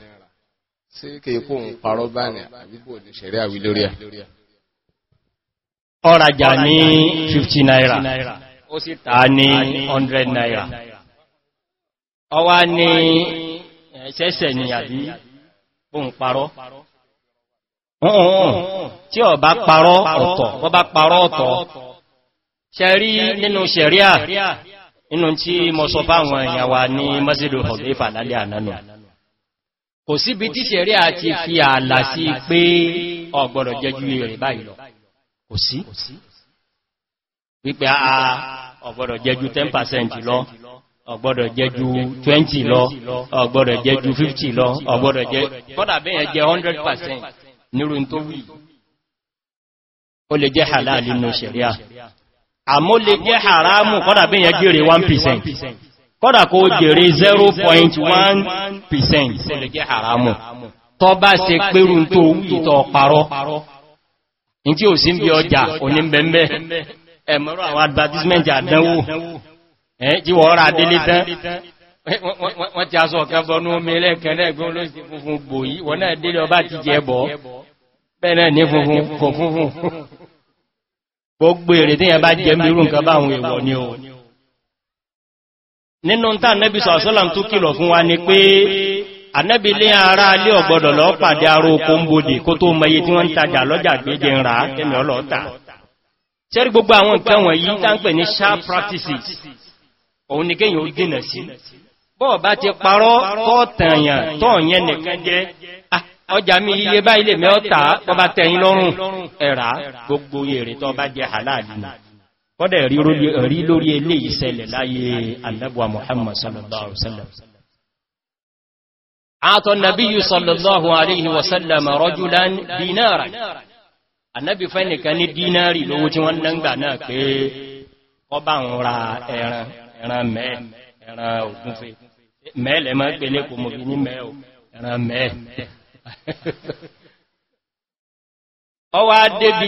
sí kí ipò òun parọ́ bá ní àbíbò ní ṣẹ̀rẹ́ àwílórí à ọ̀rajà ní 50 naira ó sì ta ní 100 naira ọwá ní ẹ̀ṣẹ́ṣẹ̀ ni àbí ohun parọ́ tí ọ bá parọ́ ọ̀tọ̀ wọ́n bá parọ́ ọ̀tọ̀ ṣẹ̀rí nínú ṣẹ̀ríà nínú tí mọ́ sọ fáwọn èèyàn wa ní mọ́sílò ọ̀gbẹ́fà lálẹ́ ànánù kò síbi tí ṣẹ̀ríà ti fi ààlà sí pé ọgbọ̀rọ̀ jẹ́jú rẹ̀ báyìí lọ kò sí wípé a ọ̀gbọ́dọ̀ jẹjú 10% lọ ọ̀gbọ́dọ̀ jẹjú 20 lọ ọ̀gbọ́dọ̀ jẹjú 50 lọ ọ̀gbọ́dọ̀ jẹ kọ́dà bẹ́yẹn jẹ 100% nírú tó wí ó lè jẹ́ halal inú ṣẹ̀ríà àmó lè jẹ́ haramu kọ́dà bẹ́yẹn jẹ́rẹ 1% kọ́dà kó jẹ́rẹ 0.1% ó lè jẹ́ haramu tọ́ bá se pérú tó wí tọ́ parọ́ in tí ò sí ń bí ọjà òní bẹ̀m̀bẹ̀ ẹ̀mọ́rọ̀ àwọn advertisement àdánwò ẹ̀ jí wọ́n rà délé tán wọ́n ti aṣọ ọ̀kan bọ́ ní omi ẹlẹ́kẹ̀ẹ́lẹ́gbọ́n ló sì funfun gbò yí wọ́n náà délé ọba ti jẹ bọ́ bẹ́ẹ̀ ní funfun funfun gbogbo èrè tí yẹn bá jẹ mírù nǹkan báwọn èèwọ̀ ni o nínú tá nẹ́bí sọ̀sọ́làm tó kìlọ̀ fún wa ni pé ànẹ́bìlé ara alé ọ̀gbọ̀dọ̀ lọ pàdé ara oko ń bodè kó tó mẹ́yẹ tí wọ́n ń tajà lọ́jà gbéjẹ ń ra kẹ́mì ọlọ́ta ṣẹ́rí gbogbo àwọn nǹkan wọ̀nyí táǹpẹ̀ ní sharp practices òun ni kéyìn ó dínà sí bọ́ọ̀ bá ti parọ́ tọ́ọ̀tànyàn tọ́ọ̀yẹn nìkan jẹ́ ọjà mi iye bá ilé mẹ́ọ́ta tọba tẹ̀yìn lọ́rùn ẹ̀rà gbogbo èrè tọba jẹ́ halali kọ́dẹ̀ rí muhammad sallallahu alaihi àtọ̀ nàbíyù sallallahu alayhi wa sallam rajulan dinara annabi fẹ́nìkan ní dínárì lówó tí wọ́n náà gbà náà pé ọba ń ra ẹran ẹran mẹ́ ẹran ògúnfẹ́ mẹ́lẹ̀ máa pèlé kò mọ̀ bí ní mẹ́ ẹran mẹ́ ọwá débi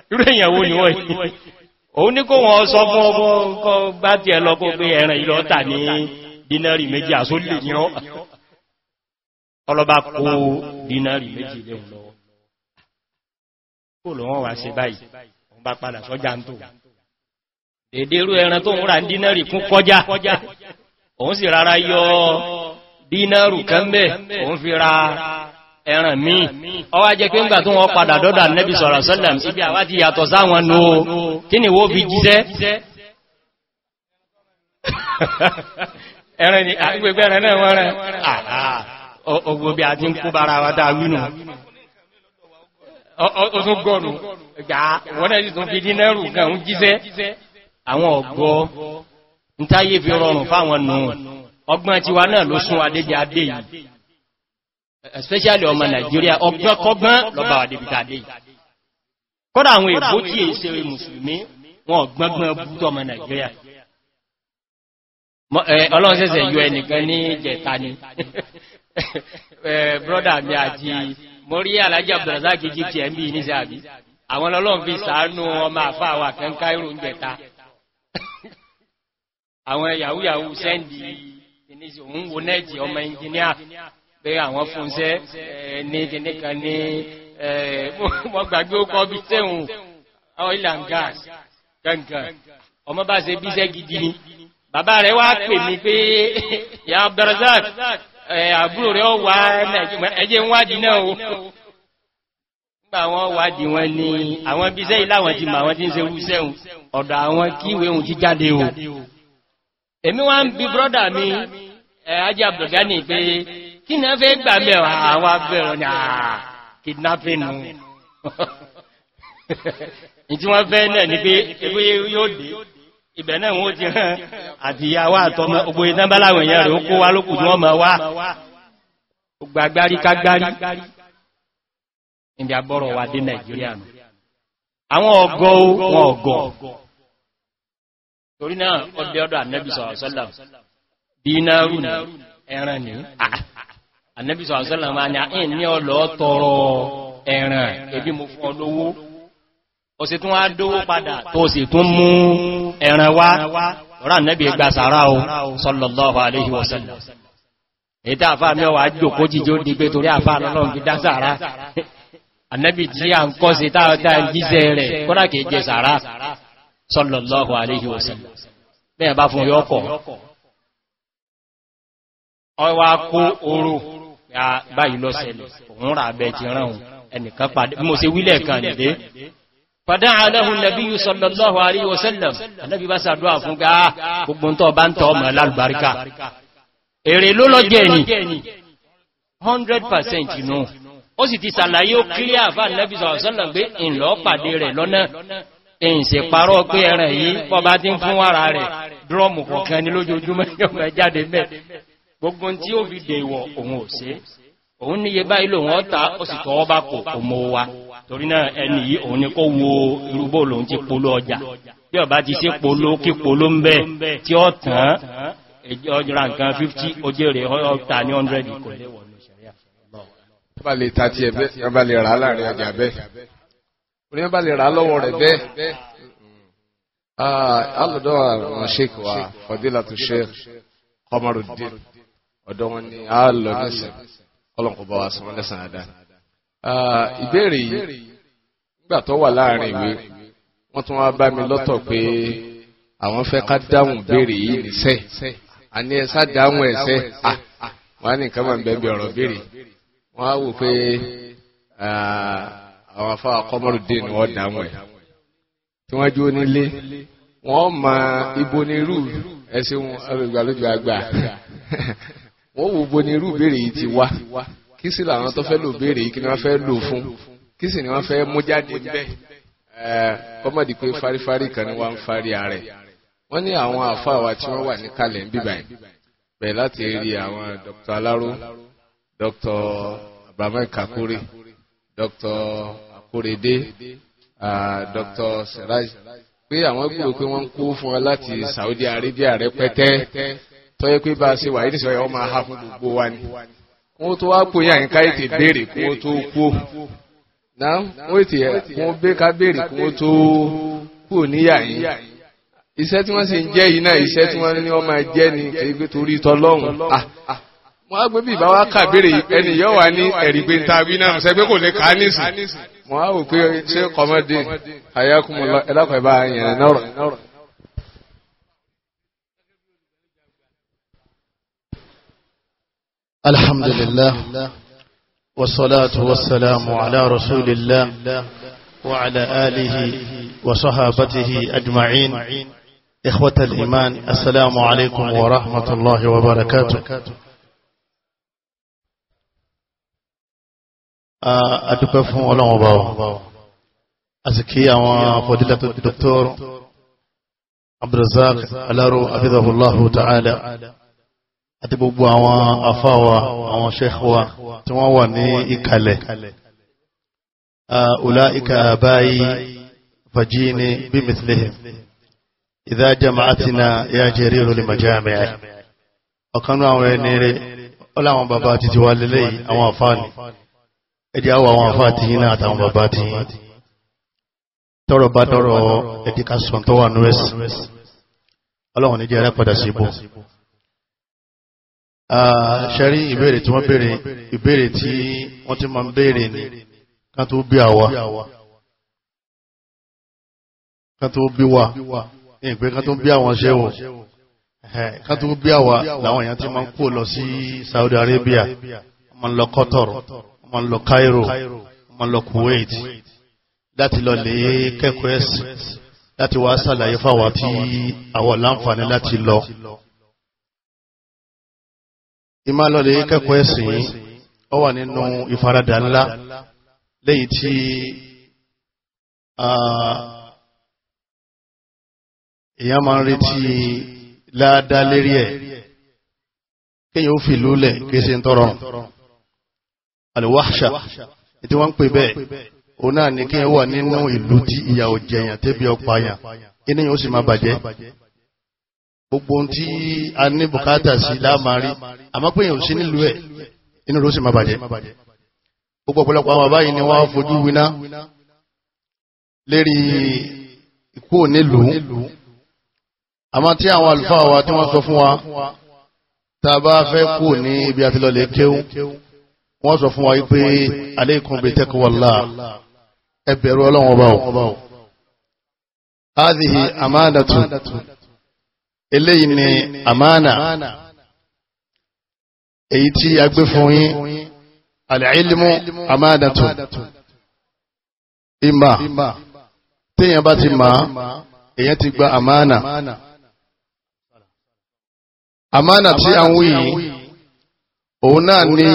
irú èyàn ni wọ́n yìí òun ní kó wọn sọ fún ọmọ kọ bá ti ẹlọ kó pé ẹran ìlọ́ta ní dínárì méjì àsólè ní ọ́ ọlọ́bá kó dínárì méjì lẹ́hùn lọ́wọ́ èdèrú ẹran tó ń ra dínárì kún kọjá òun sì rárá yọ dínárù kan bẹ́ẹ̀ òun fi ra ẹ̀ràn míì ọwá jẹ́ pé ń gbà tó padà dọ́dà nẹ́bí sọ̀rọ̀ sọ́lẹ̀m ibi àwá yàtọ̀ sáwọn ní o kí ni wó bí jíṣẹ́ ẹ̀rìn ni agbègbè rẹ̀ náà wọ́n rẹ̀ a ha ń kó bára wa dáa wínú ọdún gbà wọ́n nù especially ọmọ Nigeria ọgbọ́n kọgbọ́n lọba àdébìtàdé kọ́dà àwọn èbó tí è ṣe mùsùlùmí wọn gbọ́gbọ́n bútọ́ ọmọ Nigeria ọlọ́sẹsẹ̀ yọ ẹnìkan ní jẹta ni brọ́dà mi àti mọ́rí alájá brazil jí ti ẹ̀mí ní sàbí àwọn ọlọ́run fi sàánú ọmọ àfáàwà kankan irun jẹta àwọn yahoo yahoo sẹ́ndì ìníṣẹ́ òun wo nẹ́ẹ̀tì ọmọ engineer pé àwọn fúnṣẹ́ ní kìníkan ní mọ́gbàgbé ó kọ́ bí tẹ́hùn oil and gas gangan ọmọ bá ṣe bíṣẹ́ gidi ni bàbá rẹ̀ wá pè mí pé ya Abdurrazak àbúrò rẹ̀ ó wà ẹjẹ́ ń wádìí náà o nígbà wọn wádìí wọn ni àwọn bíṣẹ́ ìláwọn ti mà wọn ti ń ṣe wúṣẹ́hùn ọ̀dọ̀ àwọn kíwé ohun ti jáde o èmi wá ń bi brọ́dà mi ajé Abdurrazak ní pé kí ní fẹ́ gbà mẹ́wàá àwọn abẹ́rọ ní àà kidnapping nù ìtí wọ́n fẹ́ náà ní pé ewé yóò dé ibẹ̀ náà wọ́n ti hàn àdìyàwó àtọmọ ogbò ìdánbáláwọ̀ èèyàn rẹ̀ ó kó wá lókù ní wọ́n mọ̀ wá gbàgbárí kágbárí ìdí abọ́rọ̀ wà dé nàìjíríà nù àwọn ọgọ́ wọn ọgọ́ torí náà ọdẹ ọdọ ànẹ́bìsọ̀rọ̀ sọ́lá dínárù ẹran ní annabi sọ àṣọ́lá ma ní àìn ní ọlọ́ tọrọ ẹ̀ràn ebi mo fún ọlọ́wọ́ o sì tún wá dówó padà tó sì tún mú ẹ̀ràn wá rà annabi gba sàárá o sọlọ̀lọ́wọ́ aléhi wọ́sẹ̀lẹ̀ ètà àfà mẹ́wàá jòkó jíjó di pé torí àfà lọ́lọ́n fi dá sàárá annabi jí à ń kọ́ sí táàtà jíṣẹ́ rẹ̀ kọ́nà kìí jẹ sàárá sọlọ̀lọ́wọ́ aléhi wọ́sẹ̀lẹ̀ bẹ́ẹ̀ bá fún yọ́kọ̀ ọwá kó oru báyìí lọ sẹlẹ̀ òun rà bẹ̀ ti rán òun ẹnìkan pàdé mo se wílẹ̀ kan nìdé padà aláhùn nàbí yìí sọ̀lọ̀lọ́hù àríwọ̀sẹ́lẹ̀m anábí bá sàdúwà fún gá ah, gbogbo tó bá ń tọ́ ọmọ lálùbáríkà èrè ló lọ́jẹ́ ẹni 100% inú ó sì ti sàlàyé ó kílíà fà nàbí sọ̀lọ̀sẹ́lẹ̀ gbé ìlọ́ pàdé rẹ̀ lọ́nà èyìn sì parọ́ pé ẹran yìí pọ́ bá ti ń fún wàrà rẹ̀ drọ́mù kọ̀ọ̀kan ní lójoojúmọ́ gbogbo tí ó fi dè wọ òun ò sí òun níye báyìí lòun ọ́ta ó sì tọ́wọ́ bá kò kò mọ́ wa torí náà ẹni yìí òun ni kó wo irúgbó lòun ti polo ọjà bí ọba ti sí polo kí polo ń bẹ́ tí ó tàn ọjọ́ra nǹkan 50 ojèrè ọta ní 100 kò orí ọba lè rà lọ́wọ́ rẹ̀ bẹ́ẹ̀ ah, alùdọ́ àwọn fọdílà tó sheik ọmọrùdín ọ̀dọ̀ wọn ni a lọ nísìn ọlọ́nkọ̀ bá wa san wọn lẹ́sàn àdá ìbéèrè yìí nígbà tó wà láàrin ìwé wọ́n tún wá bá mi lọ́tọ̀ pé àwọn fẹ́ ká dáhùn béèrè yìí níṣẹ́ àní ẹ sá dáhùn ẹ̀ṣẹ́ wọ́n á ní nǹkan máa ń bẹ́ẹ̀ bí ọ̀rọ̀ béèrè wọ́n á wò pé àwọn afáwà kọ́mọ́rùdín ni wọ́n dáhùn ẹ̀ tí wọ́n jó nílé wọ́n mọ ibo ní irú ẹ̀sìn ìgbàlódé àgbà wọ́n wò bo ni irú ìbéèrè yìí ti wá kí sì làwọn tó fẹ́ lò béèrè yìí kí ni wọ́n fẹ́ lò fún kí sì ni wọ́n fẹ́ mú jáde bẹ́ẹ̀ eh, kọ́mọ̀dé pé farifari kan ni wọ́n ń fari ààrẹ wọ́n ní àwọn àfa wa tí wọ́n wà ní kalẹ̀ ń bíbà yìí bẹ̀rẹ̀ láti rí àwọn dr alaro dr abamai kakure dr akorede ah, dr seraj pé àwọn gbòòrò pé wọ́n ń kó fún wa láti Saudi Arabia rẹpẹtẹ tó yẹ pé bá a ṣe wà yìí nìṣẹ́ ọmọ aha fún gbogbo wa ni wọ́n tó wá pò yà ń ká ètè béèrè kó tó kú náà wọ́n ètè wọ́n bẹ́ ká béèrè kó tó kú níyà yìí iṣẹ́ tí wọ́n sì ń jẹ́ yìí náà iṣẹ́ tí wọ́n ní wọ́n máa jẹ́ ni kìí pé torí tọlọ́hun wọ́n á gbé bí ìbá wa kà béèrè ẹni yóò wá ní ẹ̀rí pé ta wí náà ṣẹ́ pé kò lè kà nísìn wọ́n á wò pé ṣé kọ́mọ́dé ayakumọ̀lá ẹ̀dàkọ̀ ẹ̀ الحمد لله والصلاة والسلام على رسول الله وعلى آله وصحابته أجمعين إخوة الإيمان السلام عليكم ورحمة الله وبركاته آه، أدوك ولا مباو أزكي وفضيلة الدكتور عبد الرزاق ألارو حفظه الله تعالى àti gbogbo àwọn afáwa àwọn ṣẹ́kọwa tí wọ́n wà ní ìkàlẹ̀ أولئك آبائي فجيني بمثلهم إذا جمعتنا يا جرير لمجامع ọ̀kanú àwọn ẹni rẹ̀ ọláwọn bàbá ti ti wà lélẹ̀ àwọn àfáàní ẹdí àwọ àwọn àfáà ti yínà àtàwọn bàbá ti yín tọ́rọ bá tọ́rọ ẹdí Ah, ṣẹ́rí ìbéèrè tí wọ́n béèrè ìbéèrè tí wọ́n ti máa ń béèrè ní ká tó bí àwa ká tó bí wa ní ìpé èèyàn ti máa ń kó lọ sí Saudi Arabia ọmọ ń lọ Qatar ọmọ ń lọ Cairo ọmọ ń lọ Kuwait láti lọ lè kẹ́kọ̀ọ́ láti wá sàlàyé fáwa tí àwọn láǹfààní láti lọ ìmálọ́lẹ̀ kẹ́kọ̀ọ́ ẹ̀sìn ó wà nínú ìfaradà ńlá lẹ́yìn tí èyàn máa ń retí láàdá lérí ẹ̀ kíyàn ó fi lúlẹ̀ kéèsí tọrọ alìwáṣà tí wọ́n ń pè bẹ́ẹ̀ o náà ní kíyàn wà nínú ìlú tí ìyà jẹyàn tẹ́bí ọpayàn inú yóò sì máa bàjẹ́ gbogbo ohun tí a ní bùkátà sí láàmárí àmọ́ pé èèyàn ò sí nílùú ẹ̀ inú ló sì máa bàjẹ́ gbogbo ọ̀pọ̀lọpọ̀ àwọn báyìí ni wọ́n fojú winá lérí ikú nílùú àmọ́ tí àwọn àlùfáà wa tí wọ́n sọ fún wa tá bá fẹ́ kú ní ibi àtìlọlẹ̀ kéwú wọ́n sọ fún wa wípé alaykum bi taqwallah ẹ bẹ̀rù Ọlọ́run ọba ò hadhihi amanatun eléyìí ni àmánà èyí tí a gbé fún yín al-ilmu àmánàtù ìmà téèyàn bá ti mà èyàn ti gba àmánà àmánà tí a ń wí òun náà ni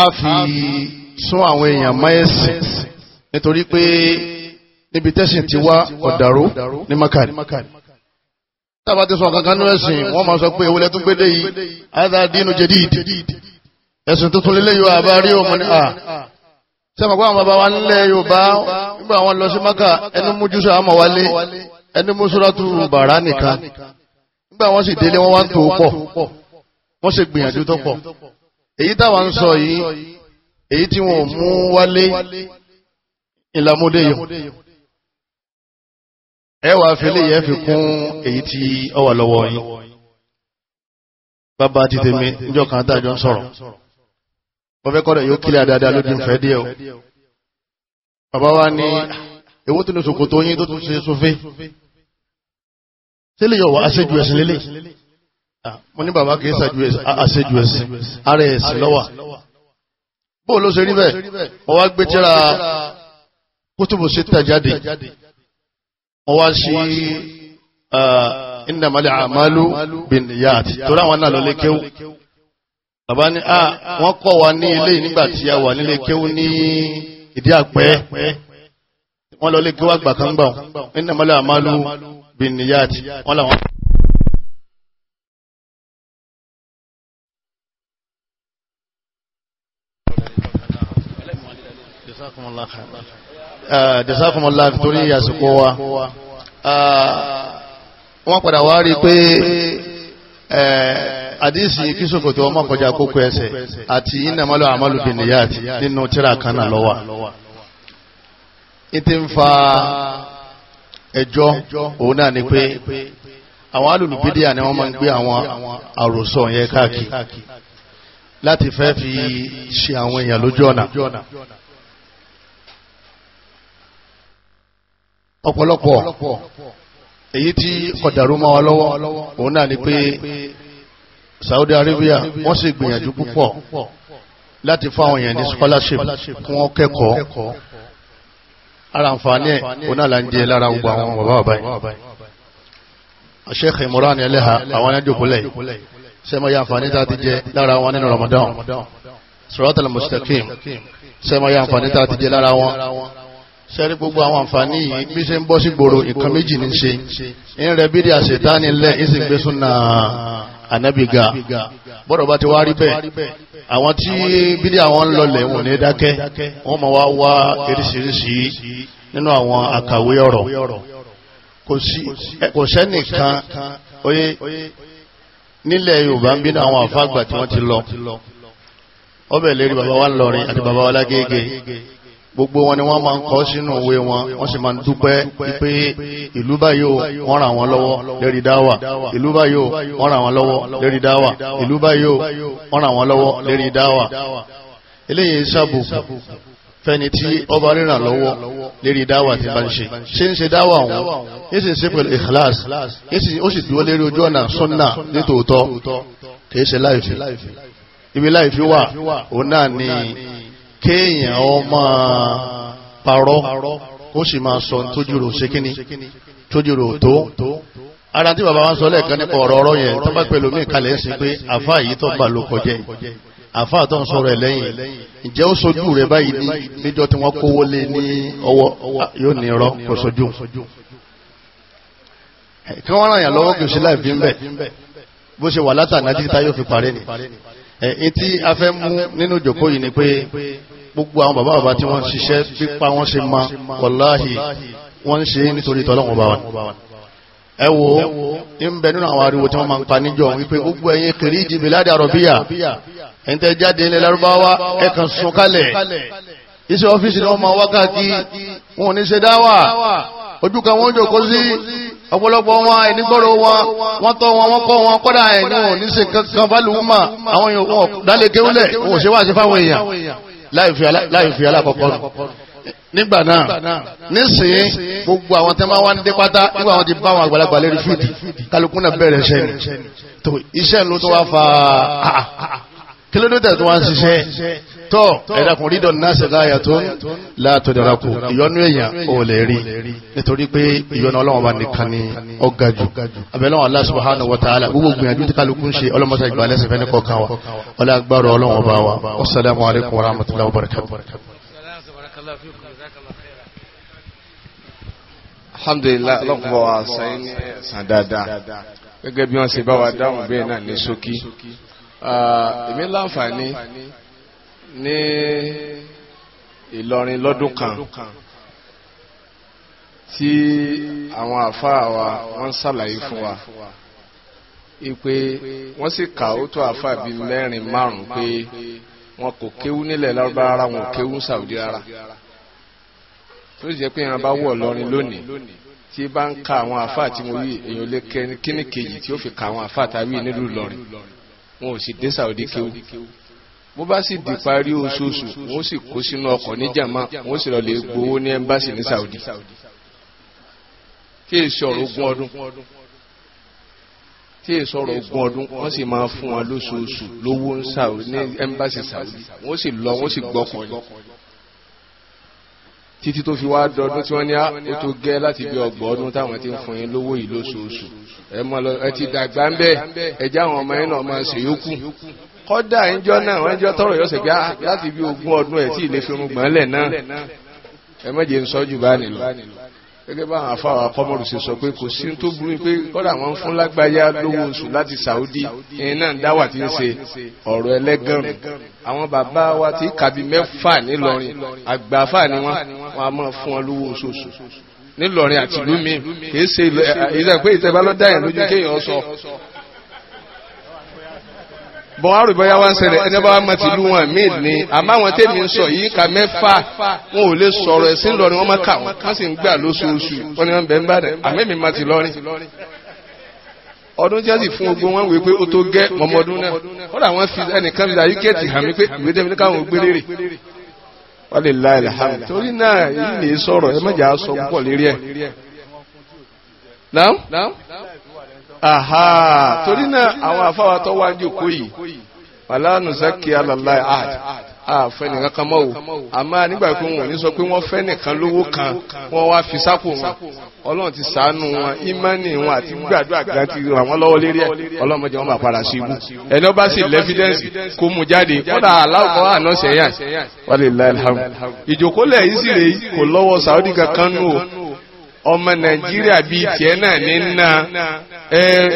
a fi sún àwọn èèyàn mọ́ nítorí pé níbi tẹ́sìn ti wá ọ̀dàrú ní makani tába ti sọ kankan nínú ẹ̀sìn wọ́n máa sọ pé ewúlẹ̀ tó gbédè yìí ayáta dínú jadid ẹ̀sìn tuntun lélẹ̀ yóò àbá rí òmù ní à sẹ́mi àgbà àwọn bàbá wa nílẹ̀ Yorùbá nígbà wọn lọ sí maka ẹni mú jùsọ àmọ̀ wálé ẹni mú suratu nìkan nígbà wọn sì délé wọn wá tó pọ̀ wọ́n sì gbìyànjú tó pọ̀ èyí táwa ń sọ yìí èyí tí wọn mú wálé ìlàmúdé yìí ẹwà fẹ́lẹ̀ yẹ fi kún èyí tí ó wà lọ́wọ́ yín bàbá ti tèmi níjọ́ kan dájọ́ ń sọ̀rọ̀ wọ́n fẹ́ kọ́dọ̀ yóò kílẹ̀ dáadáa ló dín fẹ́ díẹ̀ o bàbá wa ní èwo tó ní ṣòkòtò yín tó tún ṣe sófé sí lè yọ wà aṣẹ́jú ẹ̀sìn lélẹ̀ mo ní bàbá kìí ṣàjú aṣẹ́jú ẹ̀sìn ara ẹ̀sìn lọ́wà bóò ló ṣe rí bẹ́ẹ̀ wọ́n wá gbé tíra kótóbù sí tàjáde wọ́n wá sí ìnàmàlẹ̀ àmàlú bìnìyàtì tó ráwọn náà lọlé kéwú bàbá ní à ah, wọ́n kọ́ wa ní ilé nígbàtí a wà nílé kéwú ní ìdí àpẹ́ wọ́n lọlé kéwú àgbà kan gbà ìnàmàlẹ̀ àmàlú bìnìyàtì wọ́n làwọn Jazakumullah khairan jazakumullah torí àsìkò wa wọ́n padà wá rí pé eh, àdísì kọjá ẹsẹ̀ àti nínú tíra ní ti ń fa ẹjọ́ òun náà ni pé àwọn ni wọ́n ń gbé àwọn àròsọ yẹn káàkiri ọ̀pọ̀lọpọ̀ èyí tí ọ̀dàrú mọ́ wa lọ́wọ́ òun náà ni pé Saudi Arabia wọ́n sì gbìyànjú púpọ̀ láti fáwọn èèyàn ní scholarship kí wọ́n kẹ́kọ̀ọ́ ara àǹfààní ẹ̀ òun náà là ń jẹ lára gbogbo àwọn bàbá bàbá yìí Sheikh Imran Eleha àwọn anájòkúlẹ̀ sẹ́mọ̀ ya àǹfààní tá a ti jẹ lára wọn nínú Ramadan Suratul Mustaqim sẹ́mọ̀ ya àǹfààní tá a ti jẹ lára wọn sẹ́rí gbogbo àwọn àǹfààní yìí bí ṣe ń bọ́ sí gbòòrò nǹkan méjì ní ṣe ń rẹ bí díà ṣètáni lẹ́ ìsìn gbé súnà ànábìgà bọ́dọ̀ bá ti wá rí bẹ́ẹ̀ àwọn tí bí díà wọn ń lọlẹ̀ wọn ní dákẹ́ wọ́n máa wá wá eríṣiríṣi nínú àwọn àkàwé ọ̀rọ̀ kò sẹ́nìkan oyé nílẹ̀ Yorùbá ń bínú àwọn àfáàgbà tí wọ́n ti lọ ọbẹ̀ lérí bàbá wa ń lọrin àti bàbá wa lágége gbogbo wọn ni wọ́n máa ń kọ sínú òwe wọn wọ́n sì máa ń dúpẹ́ pé ìlú báyìí wọ́n ràn wọ́n lọ́wọ́ lérí dáwà ìlú báyìí wọ́n ràn wọ́n lọ́wọ́ lérí dáwà ìlú báyìí wọ́n ràn wọ́n lọ́wọ́ lérí dáwà eléyìí sábùkù fẹ́ni tí ọba ríràn lọ́wọ́ lérí dáwà ti bá ń ṣe ṣe ń ṣe dáwà wọn yìí sì ṣe pẹ̀lú ikhlas ó sì dúró lérí ojú ọ̀nà sunna nítòótọ́ kìí ṣe láìfi ibi láìfi wà òun náà ni kéèyàn ọmọ parọ́ kó sì máa sọ tójúrò ṣe kíní tójúrò tó ara tí bàbá wa sọ lẹ́ẹ̀kan nípa ọ̀rọ̀ ọ̀rọ̀ yẹn tó bá pẹ̀lú mí kalẹ̀ ń sin pé àfa yìí tó bà ló kọjá àfa tó ń sọ̀rọ̀ ẹ̀ lẹ́yìn ǹjẹ́ ó sojú rẹ̀ báyìí ní níjọ́ tí wọ́n kówó lé ní ọwọ́ ah, yóò ní irọ́ kò sojú kí wọ́n ràn yàn lọ́wọ́ kì í ṣe láì fi ń bẹ̀ bó ṣe wà látà náà títí tá fi parí ni èyí tí a fẹ́ mú nínú ìjòkó yìí ni pé gbogbo àwọn bàbá bàbá tí wọ́n ṣiṣẹ́ pípa wọ́n ṣe ma wàláhì wọ́n ṣe nítorí tọ́lọ́wọ́n bá wo ń bẹ nínú àwọn ariwo tí wọ́n máa ń pa níjọ wípé gbogbo ẹ̀yin kiri ìdìbò ládàá àrọ̀bíyà ẹ̀yin tẹ́ jáde ilẹ̀ lárúbáwá ẹ ojú kan wọ́n jòkó sí ọ̀pọ̀lọpọ̀ wọn ẹnigbọ́rọ̀ wọn wọ́n tọ́ wọn wọ́n kọ́ wọn kọ́dà ẹ̀nù oníṣe kankan bálùmọ̀ àwọn èèyàn dálé kéúnlẹ̀ òun ṣe wá sí fáwọn èèyàn láì fi alákọ̀ọ́kọ́ nígbà náà nísìnyí gbogbo àwọn tẹ́ máa wá ń dé pátá nígbà wọn ti bá àwọn àgbàlagbà lérí fídì kálukú náà bẹ̀rẹ̀ iṣẹ́ ni tó iṣẹ́ ló tó wá fa kílódé tẹ̀ tó wá ń ṣiṣẹ́ tọ́ ẹ̀dàkùn rídọ̀ náà ṣẹ̀gáyà tó látọ̀ dẹ̀rakù ìyọnú èèyàn ò lè rí nítorí pé ìyọnú ọlọ́wọ́n bá nìkan ni ó ga jù abẹ́lọ́wọ́n subhanahu wa ta'ala gbogbo gbìyànjú tí kálukú ń ṣe ọlọ́mọta ìgbàlẹ́sẹ̀ fẹ́ ní kọ̀ọ̀kan wa wassalamu alaikum warahmatullahi wabarakatuh alhamdulillah ọlọ́kùn bá wa sẹ́yìn sàn dáadáa gẹ́gẹ́ bí wọ́n ṣe bá wa ní Ìlọrin lọ́dún kan tí àwọn àfáà wa wọ́n ṣàlàyé fún wa ipe wọ́n sì kà ó tó àfáà bíi mẹ́rin márùn-ún pé wọn kò kéwú nílẹ̀ lárúbáwá rárá wọn ò kéwú Saudi rárá tó jẹ́ pé ìran bá wọ̀ lọ́rin lónìí tí bá ń ka àwọn àfáà tí mo wí èèyàn lè kíní kejì tí ó fi ka àwọn àfáà tá a wí nílùú lọ́rin wọn ò sì dé Saudi kéwú bó bá sì di parí oṣooṣù wọn sì kó sínú ọkọ̀ ní jàmá wọn sì lọ lè gbowó ní ẹmbásì ní Saudi tí èso ọ̀rọ̀ ogún ọdún tí èso ọ̀rọ̀ ogún ọdún wọ́n sì máa fún wọn lóṣooṣù lówó ní ẹmbásì Saudi wọ́n sì lọ wọ́n sì gbọ́kọ̀ ní títí tó fi wá dọdún tí wọ́n ní ah, ó tó gẹ́ láti bí ọgbọ̀n ọdún táwọn ti ń fún yín lówó yìí lóṣooṣù ẹ ti dàgbà ń bẹ́ẹ̀ ẹ já ọmọ yín náà máa ṣèyókù kọ́dà ìjọ náà wọ́n jọ tọrọ yóò sì pé láti bí ogún ọdún ẹ̀ tí ilé fi rún gbọ́nlẹ̀ náà ẹ mẹ́jẹ ń sọ jù bá nílò gẹ́gẹ́ bá àwọn afáwà kọ́mọ̀rù sì sọ pé kò sí tó burú pé kọ́dà wọ́n fún lágbáyá lówó oṣù láti Saudi ìyẹn náà dáwà tí ń ṣe ọ̀rọ̀ ẹlẹ́gànrù àwọn bàbá wa ti kàbí mẹ́fà nílọrin àgbàfà ni wọ́n wọ́n á máa fún wọn lówó oṣooṣù nílọrin àtìlú mi kì í ṣe ìlú ẹ̀ ìṣẹ́ pé ìtẹ́bálọ́dá yẹn lójú kéèyàn sọ bọ̀wárù bọ́yá wá ń ṣẹlẹ̀ ẹni bá wá mọ̀ tìlú wọn míì ní àmọ́ àwọn tèmi ń sọ yìí ka mẹ́fà wọn ò lè sọ̀rọ̀ ẹ̀sìn lọ́rin wọ́n máa kà wọ́n wọ́n sì ń gbà lóṣooṣù wọn ni wọ́n bẹ̀ ń bá dẹ̀ àmọ́ èmi máa ti lọ́rin. ọdún tí wọ́n sì fún ogun wọn wèé pé ó tó gẹ́ ọmọdún náà wọ́n làwọn fi ẹnìkan fi àyíkẹ́ẹ̀tì hàn mí pé ìwé tẹ́mi aha torí náà àwọn afáwà tó wá jòkó yìí ad àfẹ́ nìkan kan o àmá nígbà pé wọn ò ní sọ pé wọn kan wá fi sápò wọn ọlọ́run ti sàánú wọn ìmánì wọn àti gbàdúrà ti ràn wọ́n lọ́wọ́ lérí ẹ̀ ọlọ́mọdé wọn bá padà sí ibú ẹni sì kó mu jáde kódà aláwọ̀ àná yìí sì rèé kò saudi kankan ọmọ nàìjíríà bíi tiẹ̀ náà ní ná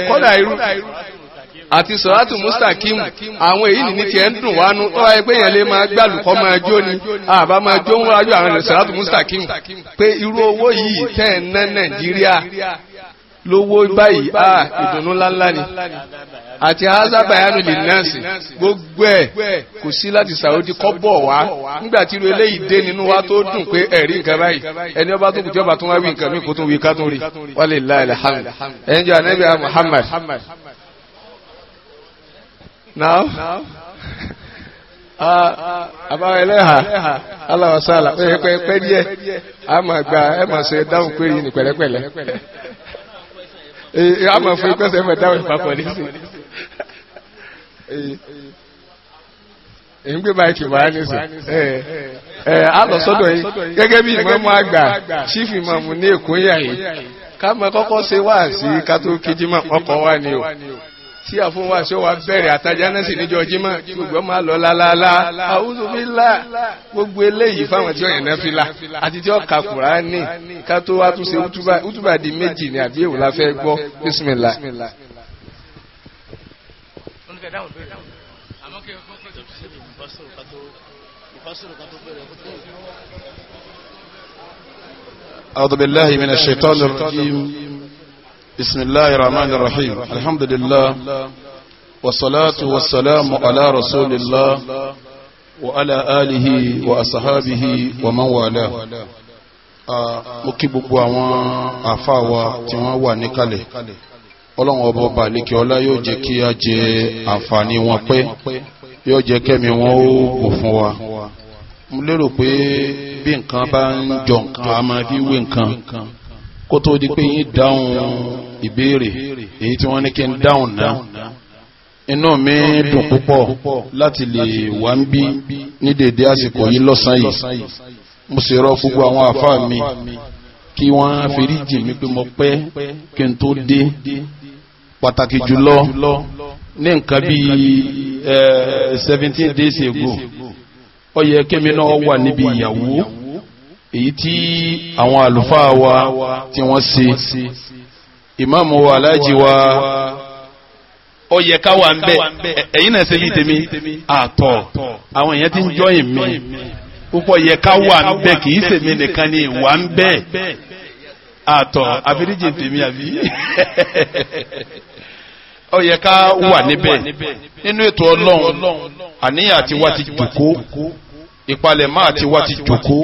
kọ́dà irú àti sọ̀rọ̀tù mustakimu àwọn èyí ní tiẹ̀ ń dùn wánú tó wáyé yẹn lè máa gbàlùkọ́ máa jó ni àbá máa jó ń wájú àwọn sọ̀rọ̀tù mustakimu pé irú owó yìí tẹ́ ná nàìjíríà lówó báyìí ni. àti haza bayanu linasi gbogbo ẹ̀ kò sí láti Saudi wá nígbà tí irú eléyìí dé nínú wa tó dùn pé ẹ̀rí nǹkan báyìí ẹni ọba tó kù jọba tó wá wí nǹkan mi kò tún wí ká rí anabi Muhammad now ah, a gba ẹ máa ṣe dáhùn pé ní pẹ̀lẹ́pẹ̀lẹ́ eh, a máa fún ipẹ́sẹ̀ dáhùn ìpapọ̀ nísìnyí. ìgbé báyìí ti wáyé ní sè ẹ a lọ sọ́dọ̀ yìí gẹ́gẹ́ bí ìmọ̀mú àgbà chief ìmọ̀mú ní èkó yà yìí ká mọ kọ́kọ́ ṣe wá sí ká tó kejì mọ̀ ọkọ̀ wá ni o tí àfún wa ṣe wa bẹ̀rẹ̀ àtajà náà sì níjọ jímọ̀ gbogbo máa lọ lálálá àwùjọ bí lá gbogbo eléyìí fáwọn tí ọ̀yàn náà fi la àti tí ọ̀ka Kùránì ká tó wá tún ṣe útúbà di méjì ni àbí èwo la fẹ́ gbọ́ bísímìlá ẹ̀ dáhùn béèrè. àmọ́ kí n fún pẹ̀lú ṣe lè mú أعوذ بالله من الشيطان الرجيم بسم الله الرحمن الرحيم الحمد لله والصلاة والسلام على رسول الله وعلى آله وأصحابه ومن والاه mo kí gbogbo àwọn ọlọ́run ọba ọba àlékè ọlá yóò jẹ́ kí a jẹ àǹfààní wọn pẹ́ yóò jẹ́ kẹ́mi wọn ó bò fún wa mo lérò pé bí nǹkan bá ń jọ nǹkan a máa fi wé nǹkan kó tó di pé yín dáhùn ìbéèrè èyí tí wọ́n ní kí n dáhùn náà inú mi dùn púpọ̀ láti lè wá ń bí ní dèdè àsìkò yìí lọ́sàn-án yìí mo sì rọ gbogbo àwọn àfáà mi kí wọ́n fi rí jì pé mo pẹ́ kí n tó dé pàtàkì jùlọ ní nǹkan bí seventeen days ago ó yẹ kémi náà wà níbi ìyàwó èyí tí àwọn àlùfáà wa tí wọ́n ṣe ìmáàmù wa aláàjì wa ó yẹ ká wà ń bẹ ẹ̀yin náà ṣe bí tèmi àtọ̀ àwọn èèyàn ti ń jọyìn mi púpọ̀ yẹ ká wà ń bẹ kì í ṣèmi nìkan ni ìwà ń bẹ àtọ̀ àfiríjì tèmi àbí ó yẹ ká wà níbẹ̀ nínú ètò ọlọ́run àníyàn àti wá ti jòkó ìpalẹ̀mọ́ àti wá ti jòkó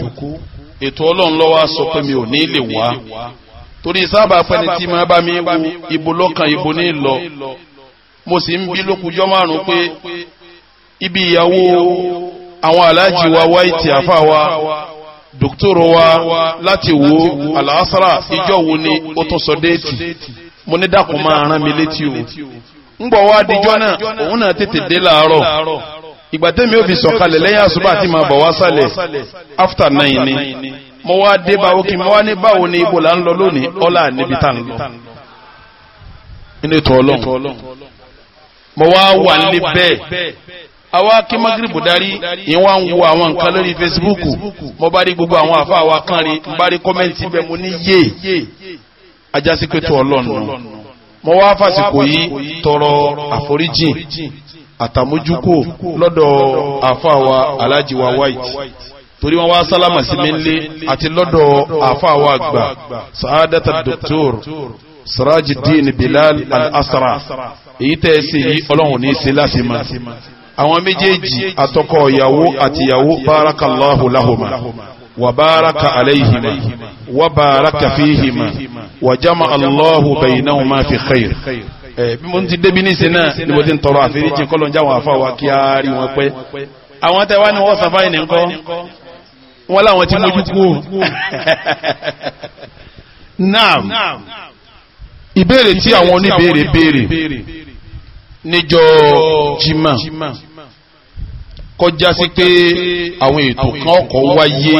ètò ọlọ́run ló wá sọ pé mi ò ní lè wá torí sábà fẹ́ni tí máa bá mi wo ibo lọ́kàn ibo ní lọ mo sì ń bí lókùjọ́ márùn-ún pé ibi ìyàwó àwọn aláàjì wa wáìtì àfà wa dókítọ̀rọ̀ wa láti wo àlàásàrà ijọ wo ni ó tún sọ déètì mo ní dàkún máa rán mi létí o ń bọ̀ wá díjọ́ náà òun náà tètè dé láàárọ̀ ìgbà tẹ́mi ò fi sọ̀kalẹ̀ lẹ́yìn àṣùbà àti màá bọ̀ wá sálẹ̀ after nine ni mo wá dé báwo kí wá ní báwo ni ibo là ń lọ lónìí ọlá níbi àwa kí magrebu darí ìwọ̀n ń wo àwọn nǹkan lórí facebook mo bá rí gbogbo àwọn àfa àwa kan rí mo bá rí kọ́mẹ́ǹtì bẹ́ẹ̀ mo ní yé ajásí pé mo wá fàsìkò yìí tọrọ àforíjìn àtàmójúkò lọ́dọ̀ àfa àwa alájí wa white torí wọn wá sálámà sí mi nlé àti lọ́dọ̀ àfa àwa àgbà sàádàtà dr sirajideen bilal al-asra èyí tẹ́ ẹ sí yìí ọlọ́run ní í ṣe láti máa àwọn méjèèjì àtọkọ ìyàwó àti ìyàwó bárakàláhù láhùmá wà báraka aláìhìmá wà báraka fíhìmá wà jámà aláhù bẹ̀yìnáwó máa fi khair bí mo ti débi níṣẹ́ náà ni mo ti ń tọrọ àforíjì kọ́lọ̀ jáwọn àfáwà kí a rí wọn pẹ́ àwọn tẹ́wàá ni wọ́n sàfáì ní nǹkan wọ́n láwọn tí mójú kú náà ìbéèrè tí àwọn oníbéèrè béèrè níjọ jimá kọjá sí pé àwọn ètò kan ọkọ̀ wáyé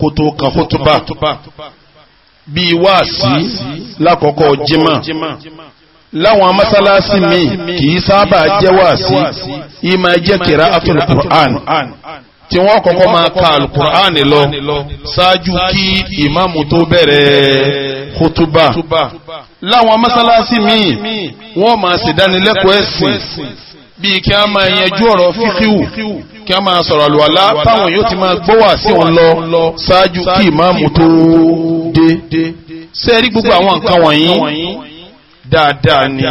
kó tó kan kótóbà bíi wáàsí lákọ̀ọ́kọ́ jimá láwọn amásálásí mi kì í sábà jẹ́ wáàsí ìmọ̀ ẹ̀jẹ̀ kìrá àtúnlẹ̀ Qur'an tí wọ́n kọ́kọ́ máa ka alukur'an lọ ṣáájú kí ìmáàmù tó bẹ̀rẹ̀ khutuba láwọn mọ́sálásí míì wọ́n máa ṣèdánilẹ́kọ̀ọ́ ẹ̀sìn bíi kí a máa yanjú ọ̀rọ̀ fífíwù kí a máa sọ̀rọ̀ àlùwàlá táwọn yóò ti máa gbọ́wà sí òun lọ ṣáájú kí ìmáàmù tó dé sẹ́ẹ̀rí gbogbo àwọn nǹkan wọ̀nyí dáadáa ni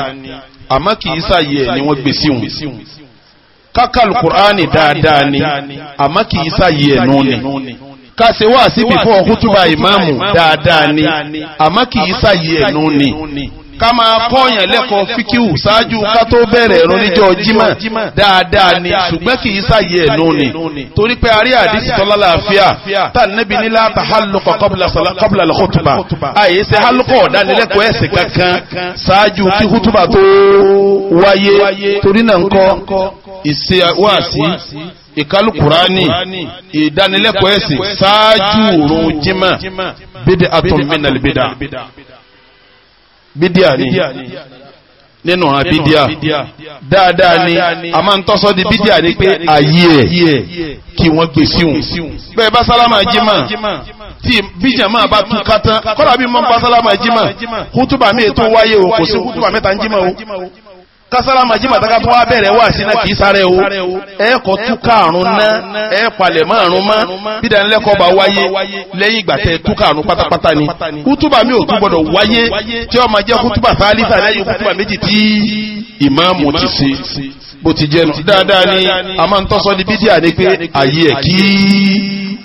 àmọ́ kì í ṣàyẹ̀ ni wọ́n gbé sí káka alukur'ani dáadáa ni àmọ́ kì í sáyé ẹnu ni ká ṣe wá síbi fún ọkùtùbà ìmáàmù dáadáa ni àmọ́ kì í sáyé ẹnu ni ká máa kọ́ọ̀yàn lẹ́kọ̀ọ́ fíkíwù ṣáájú ká tó bẹ̀rẹ̀ ẹ̀rọ níjọ́ jímọ̀ dáadáa ni ṣùgbọ́n kì í ṣàyè ẹ̀nu ni torí pé a rí àdìsí tọ́lá làáfíà tá nẹ́bi ní láta hálùkọ̀ kọ́bùlà lọ́kọ̀tùbà àyè ṣe hálùkọ̀ ọ̀dánilẹ́kọ̀ọ́ ẹ̀sìn kankan ṣáájú kí hútùbà tó wáyé torí náà ńkọ́ ìṣe wáàsí ìkálùkùránì ìdánilẹ́kọ̀ọ́ ẹ̀sìn ṣáájú òrùn jímọ̀ bídẹ̀ àtọ̀mínàlì bídà bídíà ni nínú ọ̀ràn bídíà dáadáa ni a máa ń tọ́sọ́ di bídíà ni pé ààyè ẹ̀ kí wọ́n gbé síhùn bẹ́ẹ̀ bá sálámà jimá tí bíjà máa bá tú kátán kọ́lá bí mọ́ bá sálámà jimá kútùbà mi ètò wáyé o kò sí kútùbà mẹ́ta ń jimá o kására màjímà tàkà tó wá bẹ̀rẹ̀ wà sí náà kìí sáré o ẹ̀ẹ́kọ̀ túkà àrùn náà ẹ̀ẹ́ palẹ̀ mọ́ àrùn mọ́ bídà ńlẹ́kọ̀ọ́ bá wáyé lẹ́yìn ìgbà tẹ túkà àrùn pátápátá ni kútùbà mi ò tún gbọdọ̀ wáyé tí ó máa jẹ́ kútùbà sálísà lẹ́yìn kútùbà méjì tí ìmáàmù ti ṣe bó ti jẹnu dáadáa ni a máa ń tọ́sọ́ ní bídíà ni pé àyè ẹ̀ kí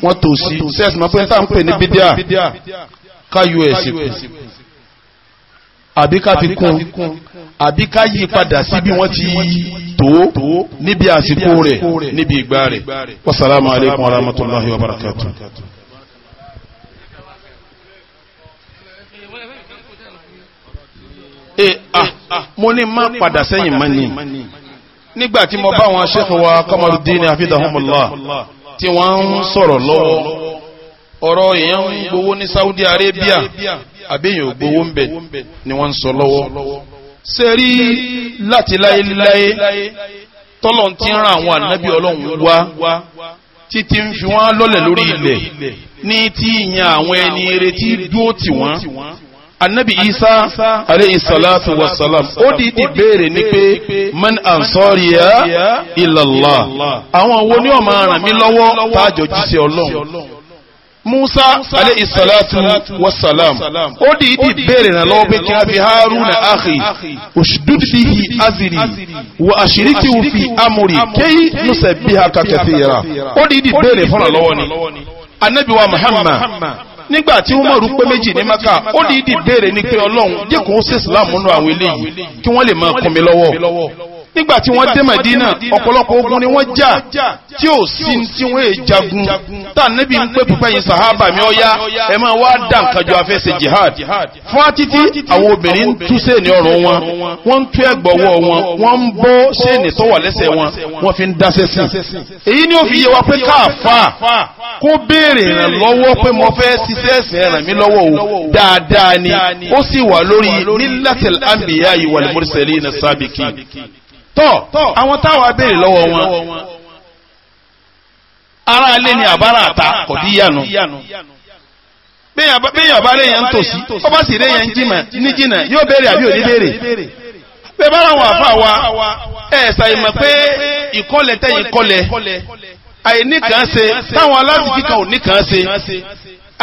wọ́n tò sí sẹ́ẹ̀sì àbí ká yí padà sí bí wọ́n ti tó níbi àsìkò rẹ̀ níbi ìgbà rẹ̀ wasalaamu aleykum wa rahmatulahi wa barakatu. e eh, ah, ah mo ní má padà sẹ́yìn má ní nígbà tí mo bá wọn ṣẹ́kọ̀ wa Kamaruddin afidahumullah tí wọ́n ń sọ̀rọ̀ lọ́wọ́ ọ̀rọ̀ èèyàn ń gbowó ní Saudi Arabia àbẹ́yìn ò gbowó ń bẹ̀ ni wọ́n ń sọ lọ́wọ́ ṣe rí láti láéláé tọ́lọ̀ ti ń ran àwọn ànábì ọlọ́run wá títí ń fi wọ́n lọ́lẹ̀ lórí ilẹ̀ ní tí ìyàn àwọn ẹni retí dúó tì wọ́n anabi isa aleyhi salatu wa salam ó di di béèrè ni pé man ansoriya ilallah àwọn wo ni ó máa ràn mí lọ́wọ́ tájọ jíṣẹ́ ọlọ́run Musa alayhi salatu wa salam ó di ìdí béèrè náà lọ́wọ́ pé kí a fi Haruna akhi ushdud bihi aziri wa ashrikihu fi amri kay nusabbihaka kathira ó di ìdí béèrè fọ́nà lọ́wọ́ ni Ànábì wa Muhammad nígbà tí wọ́n mọ̀rú pé méjì ní maka ó di ìdí béèrè ní pé Ọlọ́run jẹ́ kó ń ṣe àwọn eléyìí kí wọ́n lè máa kún lọ́wọ́ nígbà tí wọ́n dé Mẹ̀dínà ọ̀pọ̀lọpọ̀ ogun ni wọ́n jà tí ò sí tí wọ́n è jagun tá níbi ń pé púpẹ́ yìí sàhábà mi ọ̀yá ẹ máa wá dá nǹkan jọ afẹ́sẹ̀ jihad fún atítí àwọn obìnrin ń tú séènì ọrùn wọn wọ́n ń tú ẹ̀gbọ̀wọ́ wọn wọ́n ń bọ́ séènì tó wà lẹ́sẹ̀ wọn wọ́n fi ń dáṣẹ́ sí èyí ni ó fi wa pé káàfà kó béèrè ìrànlọ́wọ́ pé mo fẹ́ ṣiṣẹ́ ẹ̀sìn ràn mí lọ́wọ́ o dáadáa ni ó sì wà lórí nílẹ̀tẹ̀l àmbíyá ìwàlmùrìsẹ̀lì ní sábìkì tọ́ àwọn táwa béèrè lọ́wọ́ wọn ara ilé ni àbára àta kò dí yànú béèyàn bá lè yàn tòsí ó bá sì lè yàn jìnnà ní jìnnà yóò béèrè àbí òní béèrè bẹ́ẹ̀ bá làwọn àfa wa ẹ̀ ṣàyẹ̀mọ̀ pé ìkọlẹ̀ tẹ̀yìn kọlẹ̀ àìní kan ṣe táwọn aláàtìkí kan ò ní ṣe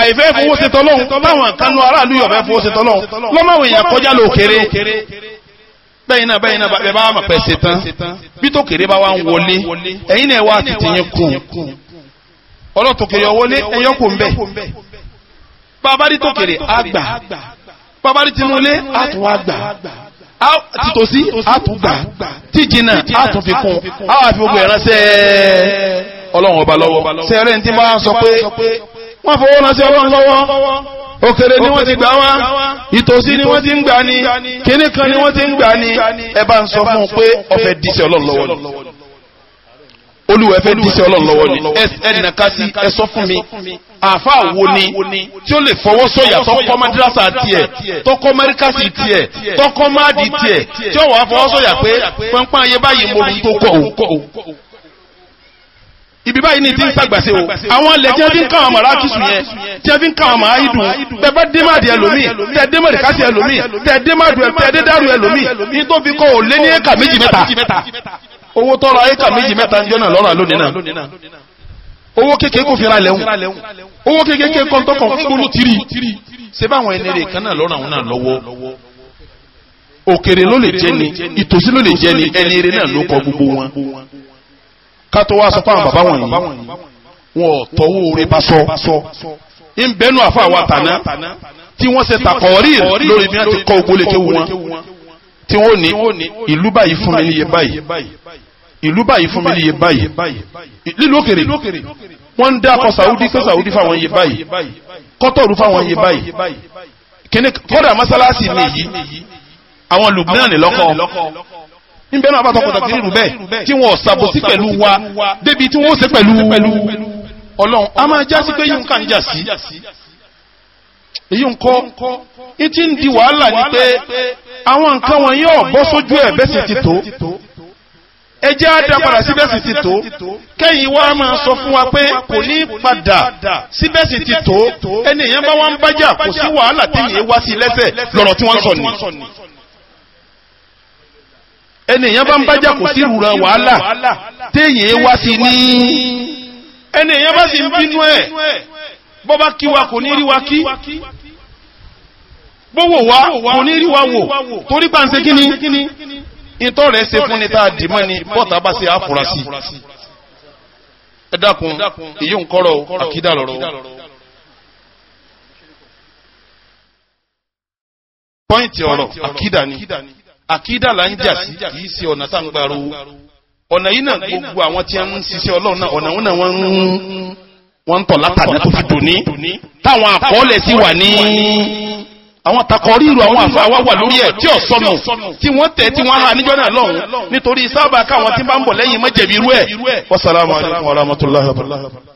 àìfẹ́ fowó ṣe tọ́lọ́hún táwọn fowó ṣe tọ́lọ́hún lọ́mọ àwọn èèyàn kọjá lókèrè bẹ́ẹ̀ náà bẹ́ẹ̀ náà bẹ́ẹ̀ bá mọ̀ pẹ́ ṣe tán bí tó kéré bá wà ń wọlé ẹ̀yin náà wà tètè yẹn kù ọlọ́tò kéré ọwọ́lé ẹ̀yọ́ kò ń bẹ̀ babali tó kéré àgbà babali tinúlé àtún àgbà títòsí àtún gbà tíjìnà àtún fi kún àwọn àfi gbogbo ẹ̀ránṣẹ́ ọlọ́run ọba lọ́wọ́ sẹ́rẹ̀ ní ti máa sọ pé wọ́n fowó ránṣẹ́ ọlọ́run lọ́wọ́ òkèrè ni wọ́n ti gbà wá ìtòsí ni wọ́n ti ń gbà ní kíní kan ni wọ́n ti ń gbà ní ẹ bá ń sọ fún un pé ọ̀fẹ́ díṣẹ́ ọlọ́run lọ́wọ́ ni olúwa ẹfẹ́ díṣẹ́ ọlọ́run lọ́wọ́ ni ẹnìyàn ká sí ẹ sọ fún mi àáfà wo ni tí ó lè fọwọ́ sọ̀yà tọkọ madrasa tiẹ̀ tọkọ mẹ́ríkàsì tiẹ̀ tọkọ máàdì tiẹ̀ tí ó wàá fọwọ́ sọ̀yà pé pọ́npọ́n ayé báyìí mo rí tó kọ̀ ibi báyìí ní ti ń sàgbàsí o àwọn ilẹ̀ tí wọ́n fi ń káwọn màrá kìsù yẹn tí wọ́n fi ń káwọn màá ìdùn tẹ bá démàdì ẹlòmíì tẹ démàdì kásì ẹlòmíì tẹ démàdì tẹ dédàrú ẹlòmíì ní tó fi kọ́ ò lé ní éka méjì mẹ́ta owó tọrọ éka méjì mẹ́ta ń jọ́nà lọ́rọ̀ lónìí náà owó kékeré kò fira lẹ́hùn owó kékeré kọ́ńtọ́ kan tiri ṣé báwọn ẹni rè kan náà lọ́rọ̀ àwọn náà lọ́wọ́ òkèrè ló lè jẹ ni ìtòsí ló lè jẹ ni ẹni rè náà ló kọ gbogbo wọn ká tó wá sọ fún àwọn bàbá wọ̀nyí wọn ò tọ́wọ́ orí bá sọ ń bẹnu àfa àwa tàná tí wọ́n ṣe takọ̀ọ́rì lórí bí wọ́n ti kọ́ ogun lékè wọn tí wọ́n ní ìlú báyìí fún mi níye báyìí ìlú báyìí fún mi níye báyìí lílù òkèrè wọ́n ń dá akọ Saudi kó Saudi fáwọn iye báyìí kọ́tọ̀rù fáwọn iye báyìí kíni kọ́dà mọ́sálásì mi yìí àwọn ni lọ́kọ́ níbẹ̀ náà bá tọkọtà kiri rù bẹ́ẹ̀ tí wọ́n ṣàbòsí pẹ̀lú wa débi tí wọ́n ṣe pẹ̀lú ọlọ́run a máa já sí pé yíò ń kà ń jà sí èyí ń kọ́ ìtí ń di wàhálà ní pé àwọn nǹkan wọn yóò bọ́ sójú ẹ̀ bẹ́ẹ̀ ti tó ẹjẹ́ á dá padà ti tó kẹ́yìn wá máa sọ fún wa pé kò ní padà síbẹ̀ sì ti tó ẹni èèyàn bá wá ń bájà kò sí wàhálà téèyàn wá sí lẹ́sẹ̀ lọ́rọ̀ tí wọ́n sọ nìyí ẹni èèyàn bá ń bájà kò sí ìrùrà wàhálà téèyàn wá sí ní ẹni èèyàn bá sì ń bínú ẹ̀ bọ́ bá kí wa kò ní rí wa kí bówò wá kò ní rí wa wò torí bá ń ṣe kí ni ìtọ́ rẹ̀ ṣe fún ni tá a dì mọ́ ni bọ́ta bá ṣe àfúrásì ẹ dákun èyí ń kọ́rọ̀ àkídà lọ́rọ̀ pọ́ìntì ọ̀rọ̀ àkídà ni. àkídà là ń jà sí kì í ṣe ọ̀nà tá à ń gbà ọ̀nà yìí náà gbogbo àwọn tí wọ́n ń ṣiṣẹ́ ọlọ́run náà ọ̀nà wọn náà wọ́n ń wọ́n ń tọ̀ tó fi táwọn àkọọ́lẹ̀ wà ní àwọn àwọn wa wà lórí ẹ̀ tí ò sọnù tí wọ́n tẹ̀ tí wọ́n níjọ́ náà lọ́hùn nítorí sábà káwọn tí bá ń bọ̀ lẹ́yìn irú ẹ̀.